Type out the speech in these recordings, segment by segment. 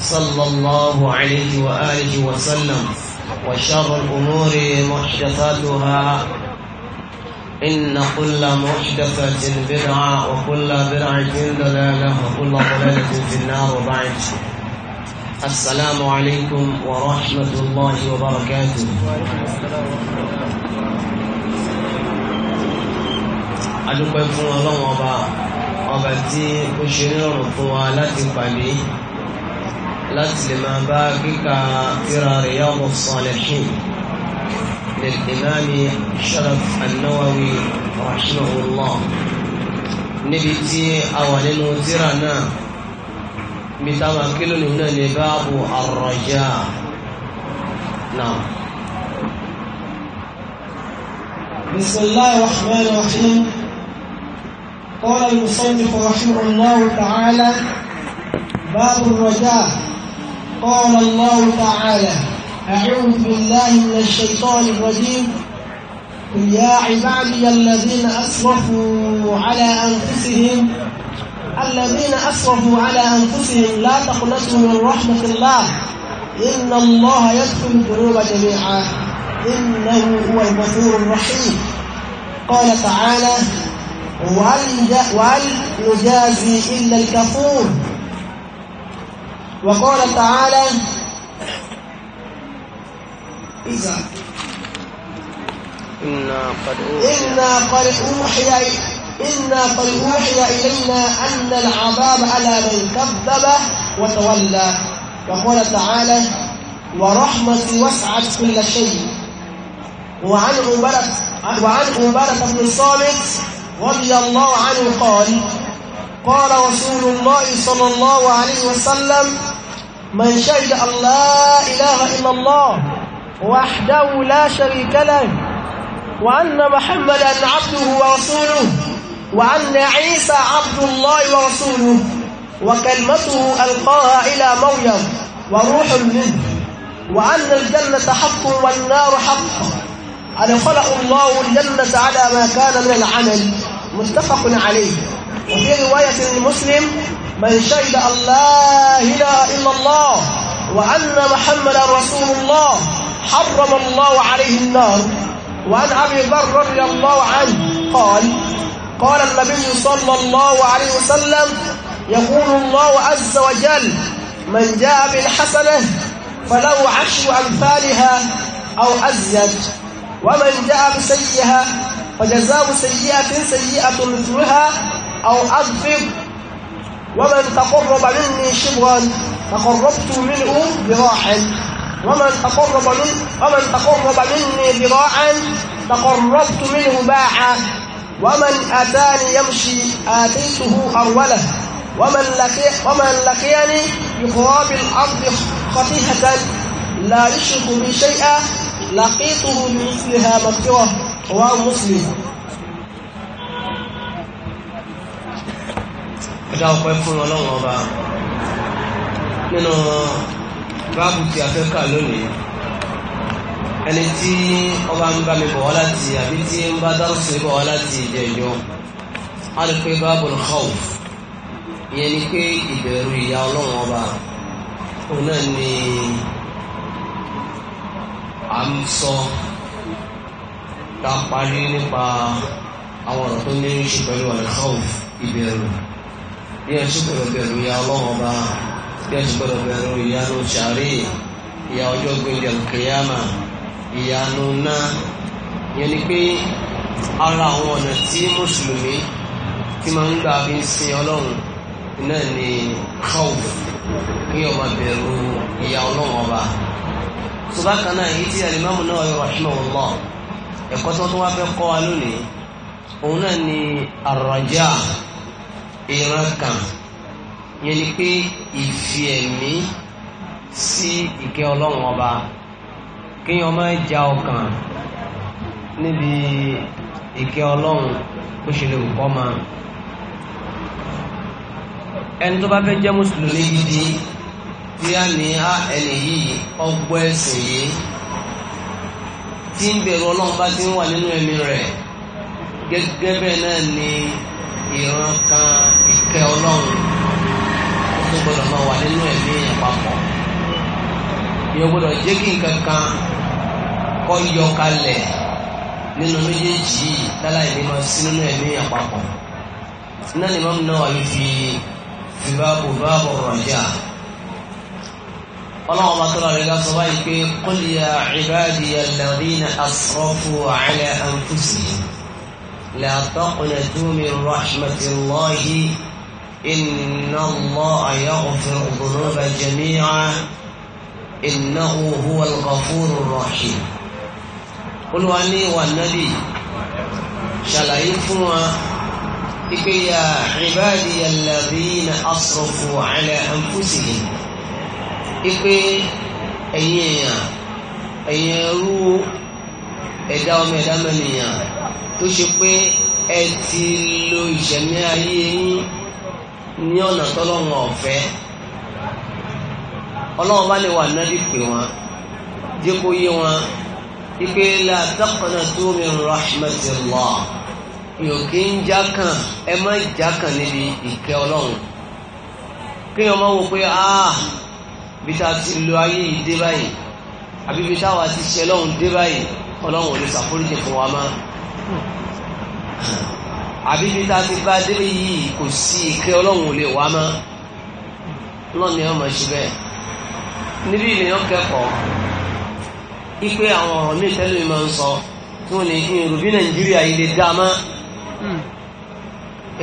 صلى الله عليه وآله وسلم وشر الأمور محدثاتها إن كل محدثة بدعة وكل بدعة ضلالة وكل ضلالة في النار وبعد السلام عليكم ورحمة الله وبركاته adúpẹ́ fún ọlọ́run ọba ọba tí ó ṣe ní ọ̀rùn fún wa láti pàdé لما لمبابك إرى رياض الصالحين للإمام الشرف النووي رحمه الله نبتي أول وزيرنا متمكن هنا لباب الرجاء نعم بسم الله الرحمن الرحيم قال المصنف رحمه الله تعالى باب الرجاء قال الله تعالى أعوذ بالله من الشيطان الرجيم قل يا عبادي الذين أسرفوا على أنفسهم الذين أسرفوا على أنفسهم لا تقنطوا من رحمة الله إن الله يغفر الذنوب جميعا إنه هو الغفور الرحيم قال تعالى وهل نجازي إلا الكفور وقال تعالى إذا إنا قد أوحي إنا قد أوحي إنا قد أوحي إلينا أن العذاب على من كذب وتولى وقال تعالى ورحمتي وسعت كل شيء وعن عبادة وعن عبادة بن الصامت رضي الله عنه قال قال رسول الله صلى الله عليه وسلم من شهد أن لا إله إلا الله وحده لا شريك له وأن محمدا عبده ورسوله وأن عيسى عبد الله ورسوله وكلمته ألقاها إلى مريم وروح منه وأن الجنة حق والنار حق خلق الله الجنة على ما كان من العمل متفق عليه وفي رواية المسلم من شهد أن لا إله إلا الله وأن محمدا رسول الله حرم الله عليه النار وعن أبي ذر رضي الله عنه قال قال النبي صلى الله عليه وسلم يقول الله عز وجل من جاء بالحسنة فله عشر أمثالها أو أزيد ومن جاء بسيئة فجزاء سيئة سيئة مثلها أو أضفر ومن تقرب مني شبرا تقربت منه ذراعا ومن تقرب من ومن تقرب مني ذراعا تقربت منه باعا ومن أتاني يمشي آتيته أوله ومن لقي ومن لقيني بقراب الأرض خطيئة لا يشرك بي شيئا لقيته بمثلها مغفرة رواه مسلم ẹ̀dá ọpẹ́ fún ọlọ́run ọba nínú báàbù tí a fẹ́ kà lónìí ẹni tí ọba ń bá mi bọ̀ wá láti àbí tí ń bá dárúsẹ̀ bọ̀ wá láti ìjẹ̀jọ́ a lè pe báàbù khawf ìyẹn ni pé ìbẹ̀rù ìyá ọlọ́run ọba òun náà ni à ń sọ tá a parí nípa àwọn ọ̀rọ̀ tó ní í ṣe pẹ̀lú al khawf ìbẹ̀rù bí ẹ ṣe gbọ́dọ̀ bẹ̀rù ìyá Ọlọ́run ọba bí ẹ ṣe gbọ́dọ̀ bẹ̀rù ìyá ló ṣàárè ìyá ọjọ́ gbẹlẹ òkèyàmà ìyá ló ná yẹn ni pé ara àwọn ọ̀nà tí mùsùlùmí tí máa ń gbà fi ń sin Ọlọ́run náà ni khawf kí ọba bẹ̀rù ìyá Ọlọ́run ọba tó bá kan náà èyí tí alimami náà yọ rahimahullah ẹ̀kọ́ tó tún fẹ́ kọ́ wa lónìí òun náà ni àrọ̀jà ìran kan yẹn ni pé ìfi ẹ̀mí sí ìkẹ́ ọlọ́run ọba kéèyàn máa ja ọkàn níbi ìkẹ́ ọlọ́run kó ṣe lè kọ́ ma ẹni tó bá fẹ́ jẹ́ mùsùlùmí gidi tí a ní á ẹni yìí ọgbọ́ ẹ̀sìn yìí tí ń bẹ̀rù ọlọ́run bá ti ń wà nínú ẹ̀mí rẹ̀ gẹ́gẹ́ bẹ́ẹ̀ náà ni ìran kan ìkẹ́ ọlọ́run ó tún gbọ́dọ̀ máa wà nínú ẹ̀mí àpapọ̀ yóò gbọ́dọ̀ jẹ́ kí nǹkan kan kọ́ yọ kalẹ̀ nínú méjèèjì láláì ní máa sí nínú ẹ̀mí àpapọ̀ náà ni máa ń náwó àbí fi fi báàbò báàbò rọ̀jà ọlọ́run bá tọ́lá rẹ̀ lọ́sọ báyìí pé qul ya ibadiya alladhina asrafu ala anfusihim la taqnatu min rahmatillahi. إن الله يغفر الذنوب جميعا إنه هو الغفور الرحيم قل واني والنبي ṣàlàyé fún wa ipe ya ìbáàdì alladhina asrafu ala anfusihim ipe ẹ̀yin èèyàn ẹ̀yin ẹrú ẹ̀dá ọmọ ẹ̀dá mẹ́nìyàn tó ṣe pé ẹ ti lo ìṣẹ̀mí ayé yín ní ọ̀nà tọ́lọ́run ọ̀fẹ́ ọlọ́run bá lè wà nábì pé wọn jẹ́ kó yé wọn ipe la taqnatu min rahmatillah yòókì ń jákàn ẹ má jákàn níbi ìkẹ́ ọlọ́run kí ọmọ wo pé ah bí ta ti lo ayé yìí dé báyìí àbí bí táwa ti ṣe lọ́hùn dé báyìí ọlọ́run ò lè ṣàforíjì fún wa máa àbí bí tá a ti bá délé yìí kò sí ìkẹ́ ọlọ́run ò lè wá mọ́ lọ́nà ni wọ́n mọ̀ ṣe bẹ́ẹ̀ níbí ènìyàn kẹ́kọ̀ọ́ ipe àwọn ọ̀rọ̀ míì tẹ́lẹ̀ mi máa ń sọ tí wọ́n ní irú bí nàìjíríà yìí lè dá a mọ́ hmm.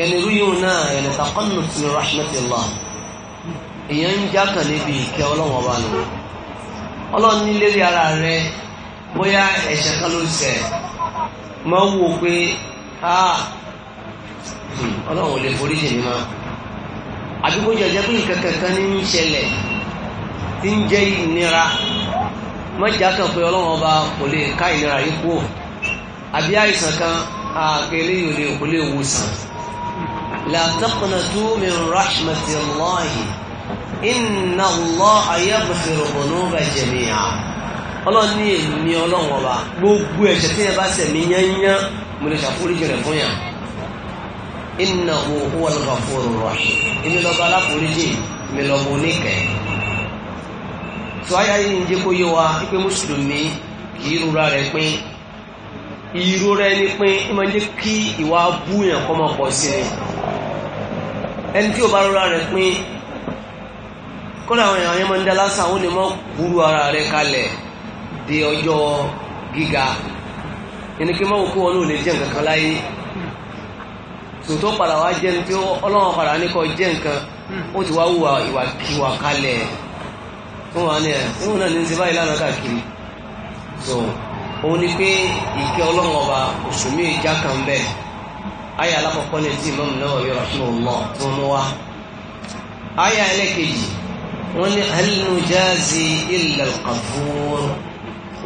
ẹni rúyìn náà ẹni takọ́nù ti rahmatillah èèyàn ń jákàn níbi ìkẹ́ ọlọ́run ọba nù ọlọ́run ní lérí ara rẹ bóyá ẹ̀ṣẹ̀ kan ló ṣẹ̀ máa wò pé ọlọ́run ò lè forí jì mí mọ́ àdúgbò jẹjẹ pé nǹkan kankan ní ń ṣẹlẹ̀ tí ń jẹ́ ìnira mọ́jà kan pé ọlọ́run ọba kò lè ká ìnira yìí kú àbí àìsàn kan àkèlè yìí ò lè kò lè wòsàn la taqnatu min rahmatillahi inna Allaha yaghfiru dhunuba jami'a ọlọ́run ní èmi ọlọ́run ọba gbogbo ẹ̀ṣẹ̀ tí yẹn bá ṣẹ̀ yányán mo lè ṣàforíjì rẹ̀ fún yàn innahu huwal ghafurur rahim èmi lọ́ba aláforíjì èmi lọ́ba oníkẹ́ tó ayé ayé ń jẹ́ kó yé wa pé mùsùlùmí kì í rúra rẹ̀ pín ìrora ẹni pín ẹ máa ń jẹ́ kí ìwà búyàn kọ́ máa pọ̀ sí ni ẹni tí ò bá rúra rẹ̀ pín kọ́lá àwọn èèyàn yẹn máa ń dá lásán àwọn lè mọ́ burú ara rẹ̀ kalẹ̀ de ọjọ́ gíga ẹni kí n máa wò kó wọn ò lè kan láyé tòótọ́ padà wá jẹ́ ní pé ọlọ́run padà ní kọ́ jẹ́ nǹkan hmm. ó ti wá wùwà ìwàkiwà kalẹ̀ fún wa ní ẹ̀ níwọ̀n náà ní ti báyìí lánàá káàkiri so òun ni pé ìkẹ́ ọlọ́run ọba òṣùmí ìjà kan bẹ́ẹ̀ ayé alákọ̀ọ́kọ́ ní ti Imam Nawawi rahimahullah tí wọ́n mú wa ayé ẹlẹ́kejì wọ́n ní hal nujazi illa al-ghafur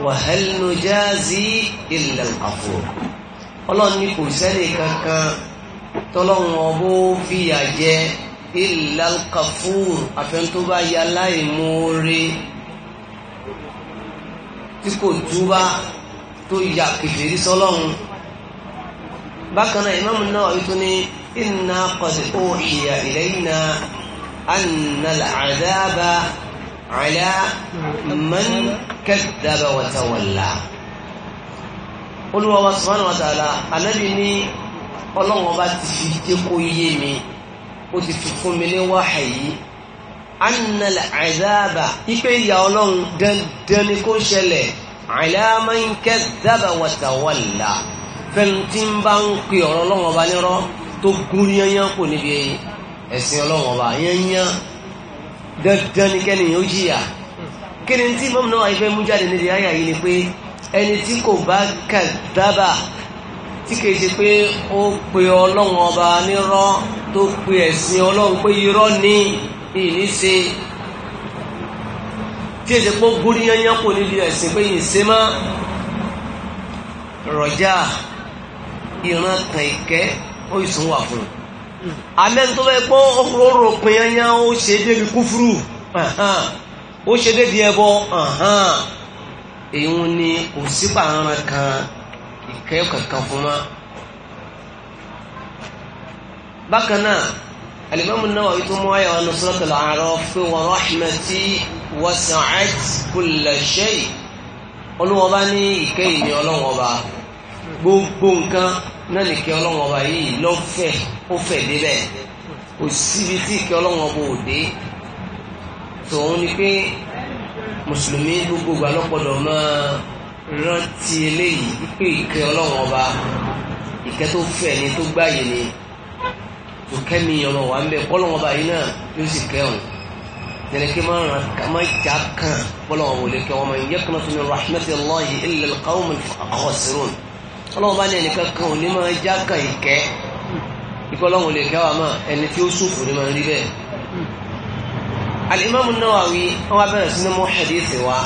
wa hal nujazi illa ọlọ́run ní kò sẹ́ni kankan tọ́lọ́run ọbó fìyà jẹ illal kafur àfẹn tó bá ya láìmoore tí kò túbá tó ya kèfèrí sọ́lọ́run bákan náà ìmáàmù náà wípé ní inna qad uhiya ilayna anna al-adhaba ala man kadhaba wa olúwa wa subhanahu wa ta'ala ní ọlọ́run ọba ti fi jẹ́ kó yé mi ó ti fi fún mi ní wáhà yìí annal azaba ipe ìyà ọlọ́run dandan ni kó ṣẹlẹ̀ àìlámánkẹ́ dábà wàtàwàlà fẹ́ntì ń bá ń pè ọ̀rọ̀ ọlọ́run ọba nírọ́ tó gún yányán kò níbi ẹ̀sìn ọlọ́run ọba yányán dandan ni kẹ́ni yóò jìyà kí ni tí mọ́mù náà wáyé fẹ́ mú jáde níbi ayà yìí ni pé ẹni tí kò bá kàdábà tí kìí ṣe pé ó pe ọlọ́run ọba nírọ́ tó pe ẹ̀sìn ọlọ́run pé irọ́ ní ìní ṣe tí èsì pé ó gúrí yányán kò níbi ẹ̀sìn pé yìí ṣe mọ́ rọ̀já ìran tàn ìkẹ́ ó ìsún wà fún un amẹ́ni tó fẹ́ pọ́ ó rò pin yányán ó ṣe débi kúfúrú ó ṣe débi ẹbọ èyí ni kò sípà ń kan ìkẹ́ kankan fún wa. bákan náà alimami Nawawi tó mú ayọ̀ ọ̀nà suratul A'raf pé wa rahmati wasi'at kulla shay olúwọ́ bá ní ìkẹ́ ìní ọlọ́wọ́ bá gbogbo nǹkan náà nìkẹ́ ọlọ́wọ́ bá yìí lọ́fẹ̀ ó fẹ̀ débẹ̀ kò síbi tí ìkẹ́ ọlọ́wọ́ bò dé tòun ni pé mùsùlùmí gbogbo ìgbà lọ́pọ̀dọ̀ máa rántí eléyìí wípé ìkẹ́ ọlọ́run ọba ìkẹ́ tó fẹ̀ ni tó gbáyé ni tó kẹ́mi ọmọ wa ń bẹ kọ́lọ́run ọba yìí náà yóò sì kẹ́hùn tẹ̀lẹ́kẹ́ máa ràn ká má já kàn kọ́lọ́run ọba olè kẹ́ ọmọ yẹn kọ́nà fún mi rahmatullahi illa alqawm alkhasirun ọlọ́run ọba ní ẹnìkan kan ò ní máa já kàn ìkẹ́ ìkọ́lọ́run olè wa máa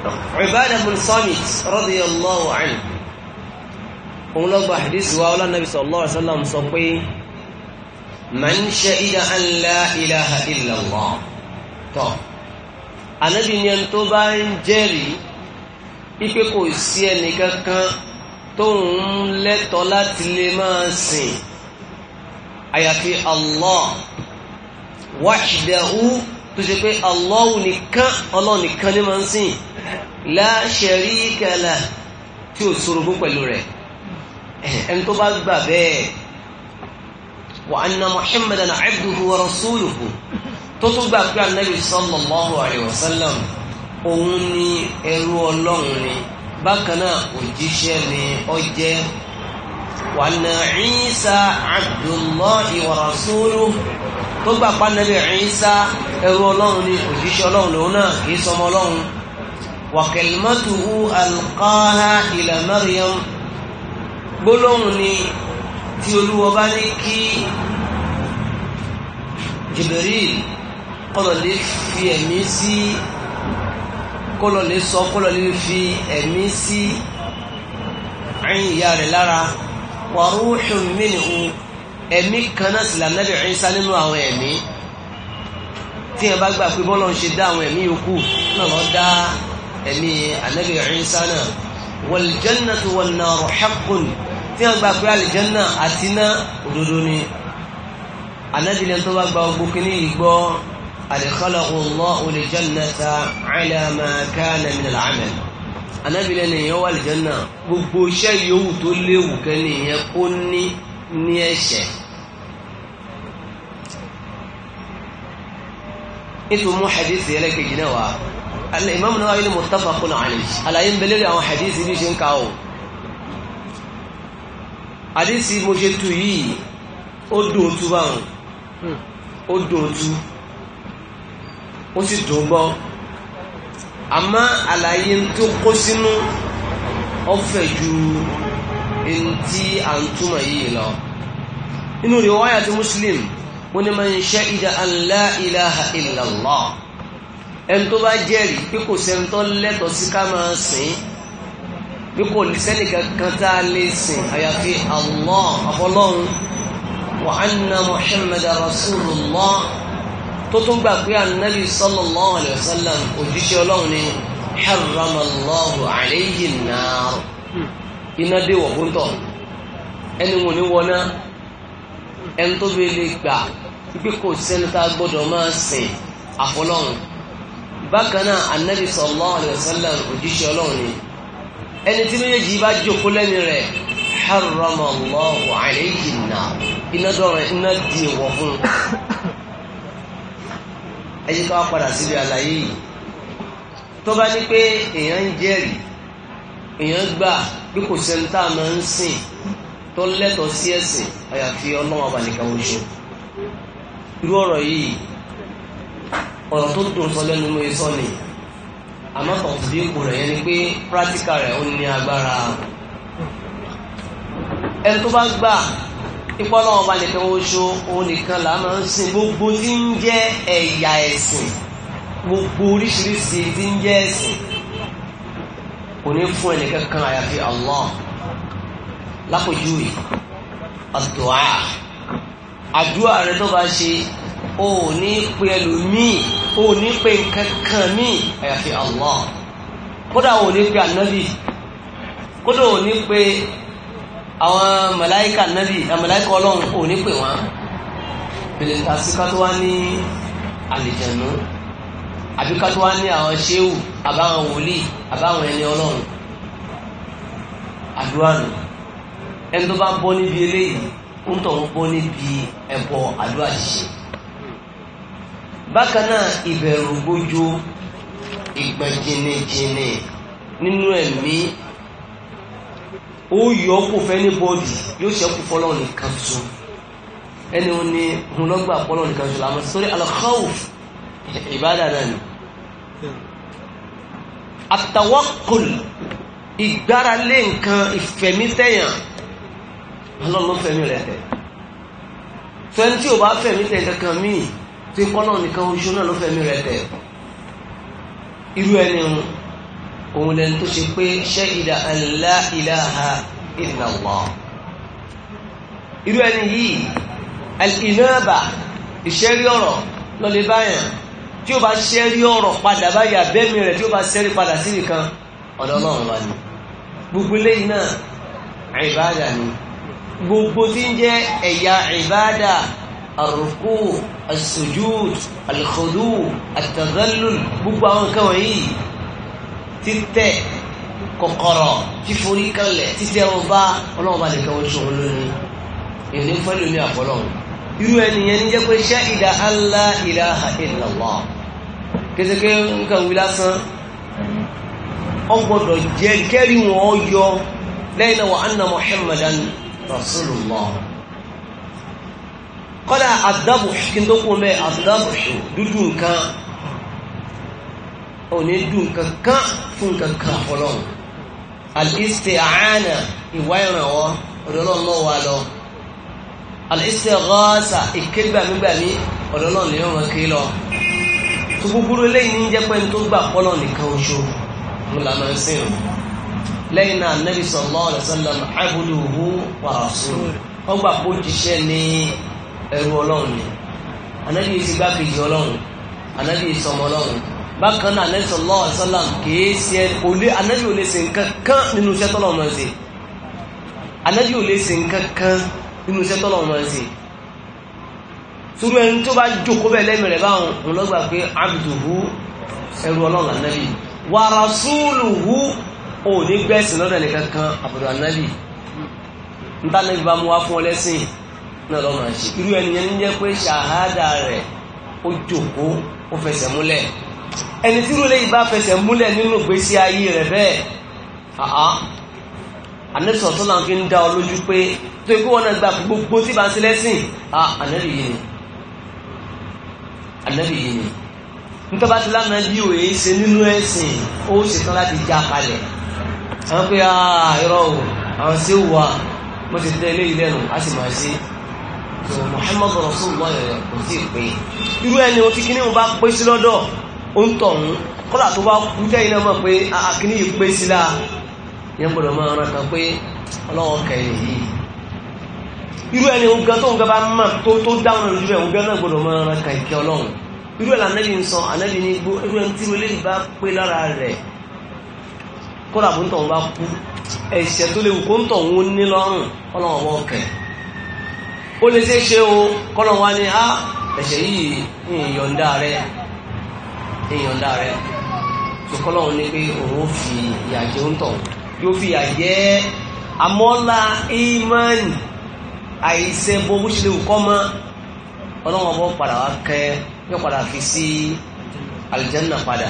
Ubadah bin Samit radiyallahu anhu òun lọ gba hadith wa ọlá nàbí sallallahu alaihi wasallam sọ pé man shahida an la ilaha illallah tọ́ anábì ni ẹni tó bá ń jẹ́rìí ipe kò sí ẹnì kankan tóun lẹ́tọ̀ọ́ láti lè máa sìn àyàfi Allah wahdahu tó ṣe pé Allah nìkan Allah nìkan ni máa sìn la sharika lah tí o sorogún pẹ̀lú rẹ̀ ẹni tó bá gbà bẹ́ẹ̀ wa anna muhammadan abduhu wa rasuluhu tó tún gbà pé anabi sallallahu alayhi wa sallam òun ni ẹrú ọlọ́run ni bákan náà òjíṣẹ́ ni ó jẹ́ wa anna Isa abdullahi wa tó gbà pé anabi ẹrú ọlọ́run ni òjíṣẹ́ ọlọ́run lòun náà kì í sọmọ ọlọ́run. وكلمته ألقاها إلى مريم gbólóhùn ni tí olúwa bá ní kí Jibril kọlọ̀lé fi ẹ̀mí sí kọlọ̀lé sọ kọlọ̀lé fi ẹ̀mí sí ẹ̀yìn ìyá rẹ̀ lára wa ruhun minhu ẹ̀mí kan náà sì lànàbì nínú àwọn ẹ̀mí tí ẹ bá gbà pé bọ́lọ̀ ń ṣe dá àwọn ẹ̀mí yòókù náà lọ dá ẹ̀mí anabi Isa náà wal jannatu wan naru haqqun tí wọ́n gba pé àlìjánná àti iná òdodo ni anabi lẹ́nu tó bá gba ogbó kínní yìí gbọ́ adkhalahu Allahu al-jannata ala ma kana min al-amal anabi wà àlìjánná gbogbo iṣẹ́ yòówù tó léwu kẹ́ni yẹn kó ní ní ẹ̀ṣẹ̀. nítorí mú hadith yẹlẹ́kejì náà wá. Al-Imam Nawawi ni muttafaqun alayhi àlàyé ń bẹ lórí àwọn hadithi bí ṣe ń ka o hadithi mo ṣe tu yìí ó dùn tú báwọn ó dùn tú ó sì dùn gbọ́ àmọ́ àlàyé tó kó sínú ọ̀fẹ́ ju ẹni tí a ń túmọ̀ yìí lọ inú riwaya ti Muslim wọ́n ni man shahida an la ilaha illallah ẹni tó bá jẹ́rìí pé kò sẹ́ni tó lẹ́tọ̀ọ́ sí ká máa sìn bí kò sẹ́ni kankan tá a lè sìn àyàfi Allah àfọlọ́run wa anna Muhammad rasulullah tó tún gbà pé anabi sallallahu alayhi wa sallam òjíṣẹ́ ọlọ́run ni haramallahu alayhi an iná dé wọ̀ fún tọ̀ ẹni wọn ni wọn náà ẹni tó bẹ lè gbà pé kò sẹ́ni tá a gbọ́dọ̀ máa sìn àfọlọ́run bákan náà anabi sallallahu alaihi wasallam òjíṣẹ́ ọlọ́run ni ẹni tí méjèèjì bá jókòó lẹ́ni rẹ̀ harrama Allahu alayhi an-nar iná dọ̀rọ̀ iná di èèwọ̀ fún un ẹ jẹ́ ká wá padà síbi àlàyé yìí tó bá ní pé èèyàn ń jẹ́rìí èèyàn gbà bí kò sẹ́ni tá a máa ń sìn tó lẹ́tọ̀ọ́ sí ẹ̀sìn àyàfi ọlọ́wọ́ abànìkan oṣù irú ọ̀rọ̀ yìí ọ̀rọ̀ tó dùn sọ lẹ́nu ló sọ ni àmọ́ tọ̀tùdé ipò rẹ̀ yẹn ni pé practical rẹ̀ ó ní agbára ẹni tó bá gbà ipò ọlọ́wọ́n bá nìkan oṣù òun nìkan là máa ń sìn gbogbo tí ń jẹ́ ẹ̀yà ẹ̀sìn gbogbo oríṣiríṣi tí ń jẹ́ ẹ̀sìn kò ní fún ẹnìkan kan àyàfi Allah lápòjúwe àdúà àdúà rẹ tó bá ṣe o ò ní pe ẹlòmíì o ò ní pe nǹkan míì àyàfi Allah kódà o ò ní pe ànábì kódà o ò ní pe àwọn màláíkà ànábì màláíkà ọlọ́run o ò ní pe wọn pèlè àsìkò tó wá ní àlìjẹ̀nú àbí ká tó wá ní àwọn ṣéwù àbáwọn wòlíì àbáwọn ẹni ọlọ́run àdúrà ẹni tó bá bọ́ níbi eléyìí ń tọ̀ ń bọ́ níbi ẹ̀bọ àdúrà ṣíṣe bákan náà ìbẹ̀rù gbójú ìgbà jìnnìjìnnì nínú ẹ̀mí ó yọ kó fẹ́ ní bọ́ọ̀dì yóò ṣẹ́kù fọ́lọ́ nìkan tó ẹni wọn ni hun lọ́gbà fọ́lọ́ nìkan tó làmọ́ sórí al-khawf ìbádà náà ni at-tawakkul ìgbáralé nǹkan ìfẹ̀mítẹ̀yàn ọlọ́run fẹ̀mí rẹ̀ tẹ̀ fẹ́ni ò bá fẹ̀mítẹ̀ kankan míì tí kọ́nà nìkan oṣù náà ló fẹ̀mí rẹ̀ tẹ̀ irú ẹni òun lẹni tó ṣe pé ṣahida an la ilaha illallah irú ẹni yìí al-inaba ìṣẹ́rí ọ̀rọ̀ lọ́lẹ̀ báyàn tí ó bá ṣẹ́rí ọ̀rọ̀ padà báyà bẹ́ẹ̀mí rẹ̀ tí ó bá ṣẹ́rí padà sí nìkan ọ̀dọ̀ ọlọ́run wa ni gbogbo eléyìí náà ìbáàdà ni gbogbo tí ń jẹ́ ẹ̀yà ìbáàdà الركوع السجود الخضوع التذلل gbogbo àwọn nǹkan wọ̀nyí títẹ̀ kọ̀kọ̀rọ̀ fíforí kalẹ̀ títẹ̀ ọba ọlọ́ọ̀bá nìkan wọ́n ṣòro lónìí èyí ní fẹ́ lómi àfọlọ́hùn irú ẹnìyẹn ní jẹ́ pé shahida alla ilaha illallah kéṣeké nǹkan wí lásán ọgbọ́dọ̀ jẹ́ kẹ́rì wọn yọ lẹ́yìn náà wa anna muhammadan rasulullah kọ́dà àdábù kí n tó kún bẹ́ àdábù dúdú nǹkan ò ní dùn kankan fún kankan fọlọ́run al-isti'ana ìwá ìrànwọ́ ọ̀dọ́lọ́run náà wà lọ al-istighatha ìkégbàmígbàmí ọ̀dọ́lọ́run lè ràn kí lọ tó jíṣẹ́ ní ẹrú ọlọ́run ni anabi yìí ti gbákejì ọlọ́run anabi yìí sọmọ ọlọ́run bákan náà anabi sallallahu alaihi wasallam kìí ṣe olè anabi ò lè ṣe nǹkan kan nínú iṣẹ́ tọ́lọ̀ ọmọ ẹ̀sìn anabi ò lè ṣe nǹkan kan nínú iṣẹ́ tọ́lọ̀ ọmọ ẹ̀sìn túmẹ̀rin tó bá jókòó bẹ́ẹ̀ lẹ́mìí rẹ̀ báwọn òun lọ́gbà pé abduhu ẹrú ọlọ́run anabi wa rasuluhu ò ní gbẹ̀sìn lọ́dọ̀ nìkan kan àbùdó anabi ntànàbí bá mú wá fún ọ lẹ́sìn náà lọ́mọ àṣì irú ẹni yẹn ń jẹ́ pé ṣàhádà rẹ̀ ó jókòó ó fẹsẹ̀ múlẹ̀ ẹni tí irú eléyìí bá fẹsẹ̀ múlẹ̀ nínú ìgbésí ayé rẹ̀ bẹ́ẹ̀ àá ànẹ́sọ̀ tó là ń fi ń dá ọ lójú pé tó ikú wọn náà gba gbogbo tí bá ń ṣe lẹ́sìn à ànẹ́rì yìí ni ànẹ́rì yìí ni nítorí bá ti lánàá bí òye ṣe nínú ẹ̀sìn ó ṣetán láti já kalẹ̀ àwọn pé àà irọ́ o àwọn sí wà mo ti tẹ ilé ìlẹ́nu a sì máa ṣe é sọ Muhammadu Rasulullah yẹn eh, kò sí pé irú ẹni o ti kí ní o bá pé sí lọ́dọ̀ o ń tọ̀hún kọ́lá tó bá kú tẹ́yìn náà mọ̀ pé akíní ah, ah, yìí pé sí láà yẹn gbọ́dọ̀ máa rán kan pé ọlọ́wọ́ kẹyìn yìí irú ẹni o gan tó ń gaba mọ̀ tó tó dáhùn lójú ẹ̀ o gan náà gbọ́dọ̀ máa rán kan ìkẹ́ ọlọ́run irú ẹ̀là ó lè ṣe é ṣe o kọ́nà wa ni a ah, ẹ̀ṣẹ̀ yìí ìyọ̀ǹda rẹ̀ ìyọ̀ǹda rẹ̀ ṣùkọ́nà wọn ni pé òun fi ìyà jẹ ń tàn yóò fi ìyà jẹ amọ́lá ìmánì àìsẹ́ bó bó ṣe lè kọ́ mọ́ ọlọ́wọ́n bọ́ padà wá kẹ́ yóò padà fi sí aljanna padà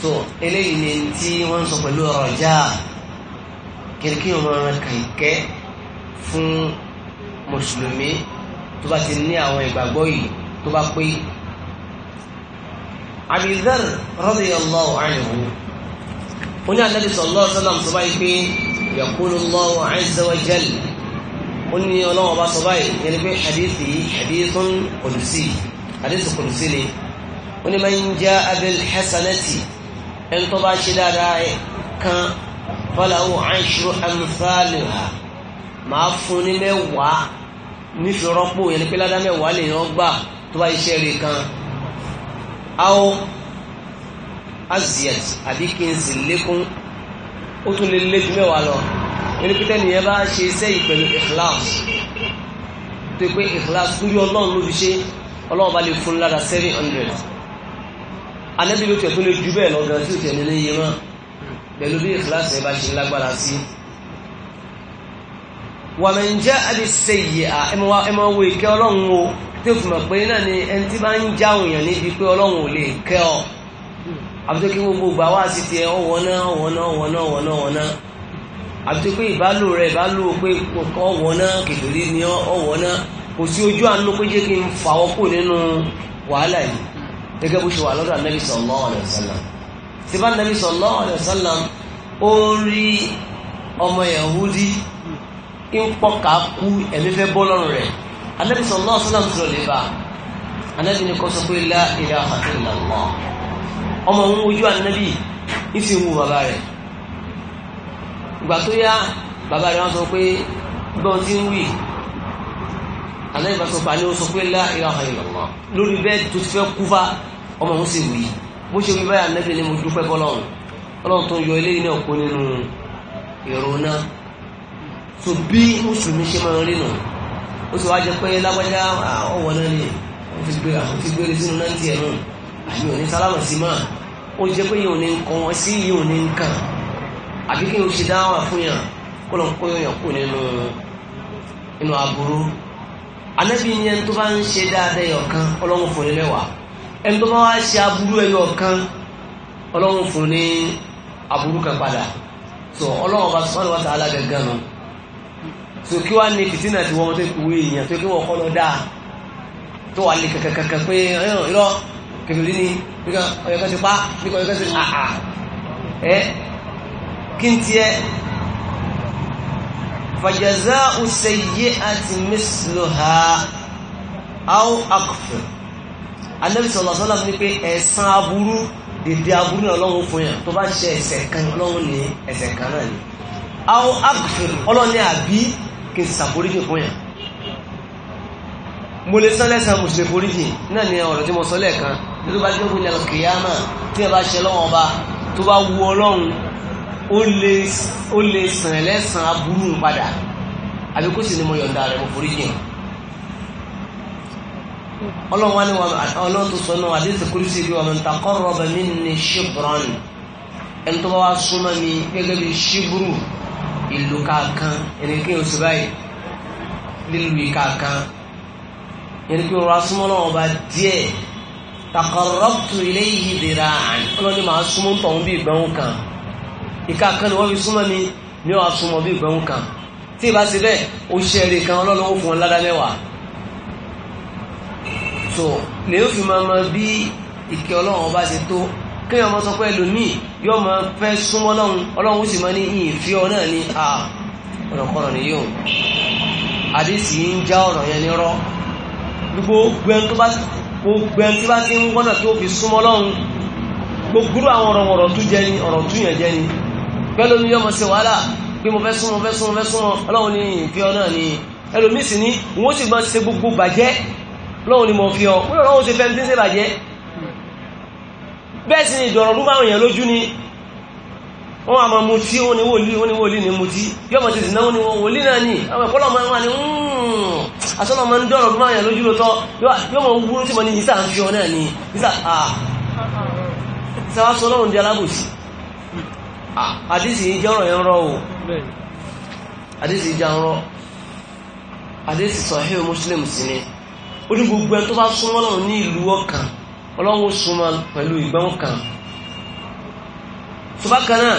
so eléyìí ni tí wọ́n ń sọ pẹ̀lú ọ̀rọ̀ ọjà kìrìkì ọmọ rẹ̀ kàìkẹ́ fún mùsùlùmí tó bá ti ní àwọn ìgbàgbọ́ yìí tó bá pé Abi Dharr radiyallahu anhu ó ní Ànábì sallallahu alaihi wasallam sọ báyìí pé yaqulu Allahu azza wa jalla ó ní ọlọ́wọ́ bá sọ báyìí yẹn pé hadithi hadithun qudsi hadithu qudsi ni ó ní man jaa bil hasanati ẹni tó bá ṣe dáadáa kan falahu ashru amthaliha màá fún ní mẹ́wàá nífi rọ́pò yẹn ni pé ládá mẹ́wàá lè yàn gbà tó bá iṣẹ́ rẹ̀ kan áwọ aziet àbí kí n sì lékún ó tún lè lé ju mẹ́wàá lọ yẹn ni pé tẹ́nìyẹn bá ṣe iṣẹ́ yìí pẹ̀lú ìkìláàsì tó pé ìkìláàsì tó yọ ọlọ́run ló fi ṣe ọlọ́run bá lè fún lára seven hundred anẹ́bí ló tẹ̀ tó lè ju bẹ́ẹ̀ lọ gan tí ò tẹ̀ nínú iye wọn pẹ̀lú bí ìkìláàsì ẹ bá ṣe lágbára sí i wà mẹ́ ń jẹ́ àbí sẹ́yì à ẹmọ wo ìkẹ́ ọlọ́run o tí o fi mọ̀ pé náà ni ẹni tí bá ń já òyàn níbi pé ọlọ́run ò lè kẹ́ ọ àbúté kí gbogbo gbà wá sí tiẹ̀ ọ̀wọ́ná ọ̀wọ́ná ọ̀wọ́ná ọ̀wọ́ná ọ̀wọ́ná àbúté pé ìbálò rẹ̀ ìbálò pé ọ̀wọ́ná kìtòrí ni ọ̀wọ́ná kò sí ojú àánú pé jẹ́ kí n fà ọ́ kù nínú wàhálà yìí ń ka kú ẹ̀mí fẹ́ bọ́ lọ́rùn rẹ̀ anabi sallallahu alaihi wasallam sọ̀rọ̀ lè bá anabi ní kọ́ sọ pé la ilaha illallah ọmọ òun ojú anabi ifi fi baba, bàbá rẹ̀ ìgbà tó yá bàbá rẹ̀ wọ́n sọ pé gbọ́n ti ń wì anabi bá sọ pé alẹ́ ó sọ pé la ilaha illallah lórí bẹ́ẹ̀ tó ti fẹ́ kú fa ọmọ òun sì wì bó ṣe wí báyà anabi ni mo dúpẹ́ bọ́lọ́run ọlọ́run tó ń yọ eléyìí náà kó nínú ìrònú tó bí mùsùlùmí ṣe máa rí nù ó ti wá jẹ pé lágbájá ọwọ́ náà ni ó fi gbé àwọn fi gbére sínú náà tiẹ̀ nù àbí òní sálámà sí máa ó jẹ pé yóò ní nǹkan wọn sí yóò ní nǹkan àbí kí n ṣe dáhùn fún yàn kó lọ́n kó yàn kú nínú inú aburú anabi ni ẹni tó bá ń ṣe dáadáa ẹyọ kan ọlọ́run fún ní mẹ́wàá ẹni tó bá wá ṣe aburú ẹyọ kan ọlọ́run fún ní aburú kan padà so ọlọ́run bá sọ́nà wá sàálà gẹ́gẹ́ nù so kí wàá ní fìtínà tí wọ́n tó kúwé èèyàn tó kí wọ́n kọ́ lọ dáa tó wà lè kàkàkàkà pé ẹ̀yàn irọ́ kẹfìrí ni nígbà ọ̀yọ̀kẹ́ ti pa nígbà ọ̀yọ̀kẹ́ ti àà ah, ah. ẹ́ kí n tiẹ́ fàjàzá ọ̀sẹ̀ yé àti mẹ́sìlọ́ha áwọ̀ akọ̀fẹ̀ Ànábì sallallahu alaihi wasallam ní pé ẹ̀san aburú dèdè aburú náà Ọlọ́run fún yàn tó bá ṣe ẹ̀ṣẹ̀ kan Ọlọ́run ní ẹ̀ṣẹ̀ kan náà ni áwọ̀ akọ̀fẹ̀ Ọlọ́run ní àbí kí n sàforíjì fún yàn mo lè sán lẹ́sàn mo sì lè foríjì náà ni ọ̀rọ̀ tí mo sọ lẹ́ẹ̀kan tó bá jẹ́ òkúnyà kìyàmà tí ẹ bá ṣe lọ́wọ́ ọba tó bá wu ọlọ́run ó lè sàn lẹ́sàn aburú padà àbí kó sì ni mo yọ̀ǹda rẹ̀ mo foríjì hàn ọlọ́run wá ní ọlọ́run tó sọ náà àdéhùn sèkúrú sí ibi ọmọ nta kọ́rọ̀ ọba mi ní ṣíbrọ́n ẹni tó bá wá súnmọ́ mi gẹ́gẹ́ bí ṣíbrù ìlú kankan ẹni kí n sọ báyìí lílu ìkankan yẹn kí n rọra súnmọ́ náà ọba díẹ̀ takarọ́pùtù ilé yìí dèrà àní ọlọ́ni máa súnmọ́ ń tọ̀hún bí ìgbẹ́hùn kan ìkankan ni wọ́n fi súnmọ́ mi ni wọ́n á súnmọ́ bí ìgbẹ́hùn kan tí ìbá ṣe bẹ́ẹ̀ ó ṣe eré kan ọlọ́run ó fún ọ ládàá mẹ́wàá so lè ó fi máa ma bí ìkẹ́ ọlọ́run ọba ṣe tó kí ọmọ sọ pé ẹlòmíì yóò máa fẹ́ súnmọ́ ọlọ́run ọlọ́run ó sì máa ní ìfẹ́ ọ náà ní à ọ̀rọ̀kọ̀rọ̀ ni yóò àdéhìí ń já ọ̀rọ̀ yẹn ní rọ́ gbogbo ẹni tó bá ti ń wọ́nà tó fi súnmọ́ ọlọ́run gbogbo àwọn ọ̀rọ̀ ọ̀rọ̀ tó jẹ ni ọ̀rọ̀ tó yàn jẹ ni pẹ́lú ní yọmọ sí wàhálà pé mo fẹ́ súnmọ́ fẹ́ súnmọ́ fẹ́ súnmọ́ ọlọ́run ní ìfẹ́ ọ náà ni ẹlòmíì sì ní wọ́n sì máa ṣe gbogbo bàjẹ́ ọlọ́run ni mo fi ọ wọ́n lọ́wọ́ ṣe fẹ́ ń tẹ́sẹ̀ bàjẹ́ bẹ́ẹ̀ sì ni ìdọ̀rọ̀ rúbà àwọn lójú ni wọ́n àmọ́ mu tí wọ́n ni wòlí wọ́n ni wòlí ni mu tí yóò mọ̀ tètè ni wọ́n wòlí náà ni àwọn ẹ̀kọ́ lọ́mọ wọn ni asọ́nà ń dọ̀rọ̀ lójú lótọ́ mọ̀ wúrú ní ìsà ń fi ọ náà ni ìsà ah sáwá ní ọlọ́run súnmọ́ pẹ̀lú ìgbọ́n kan tó bá kan náà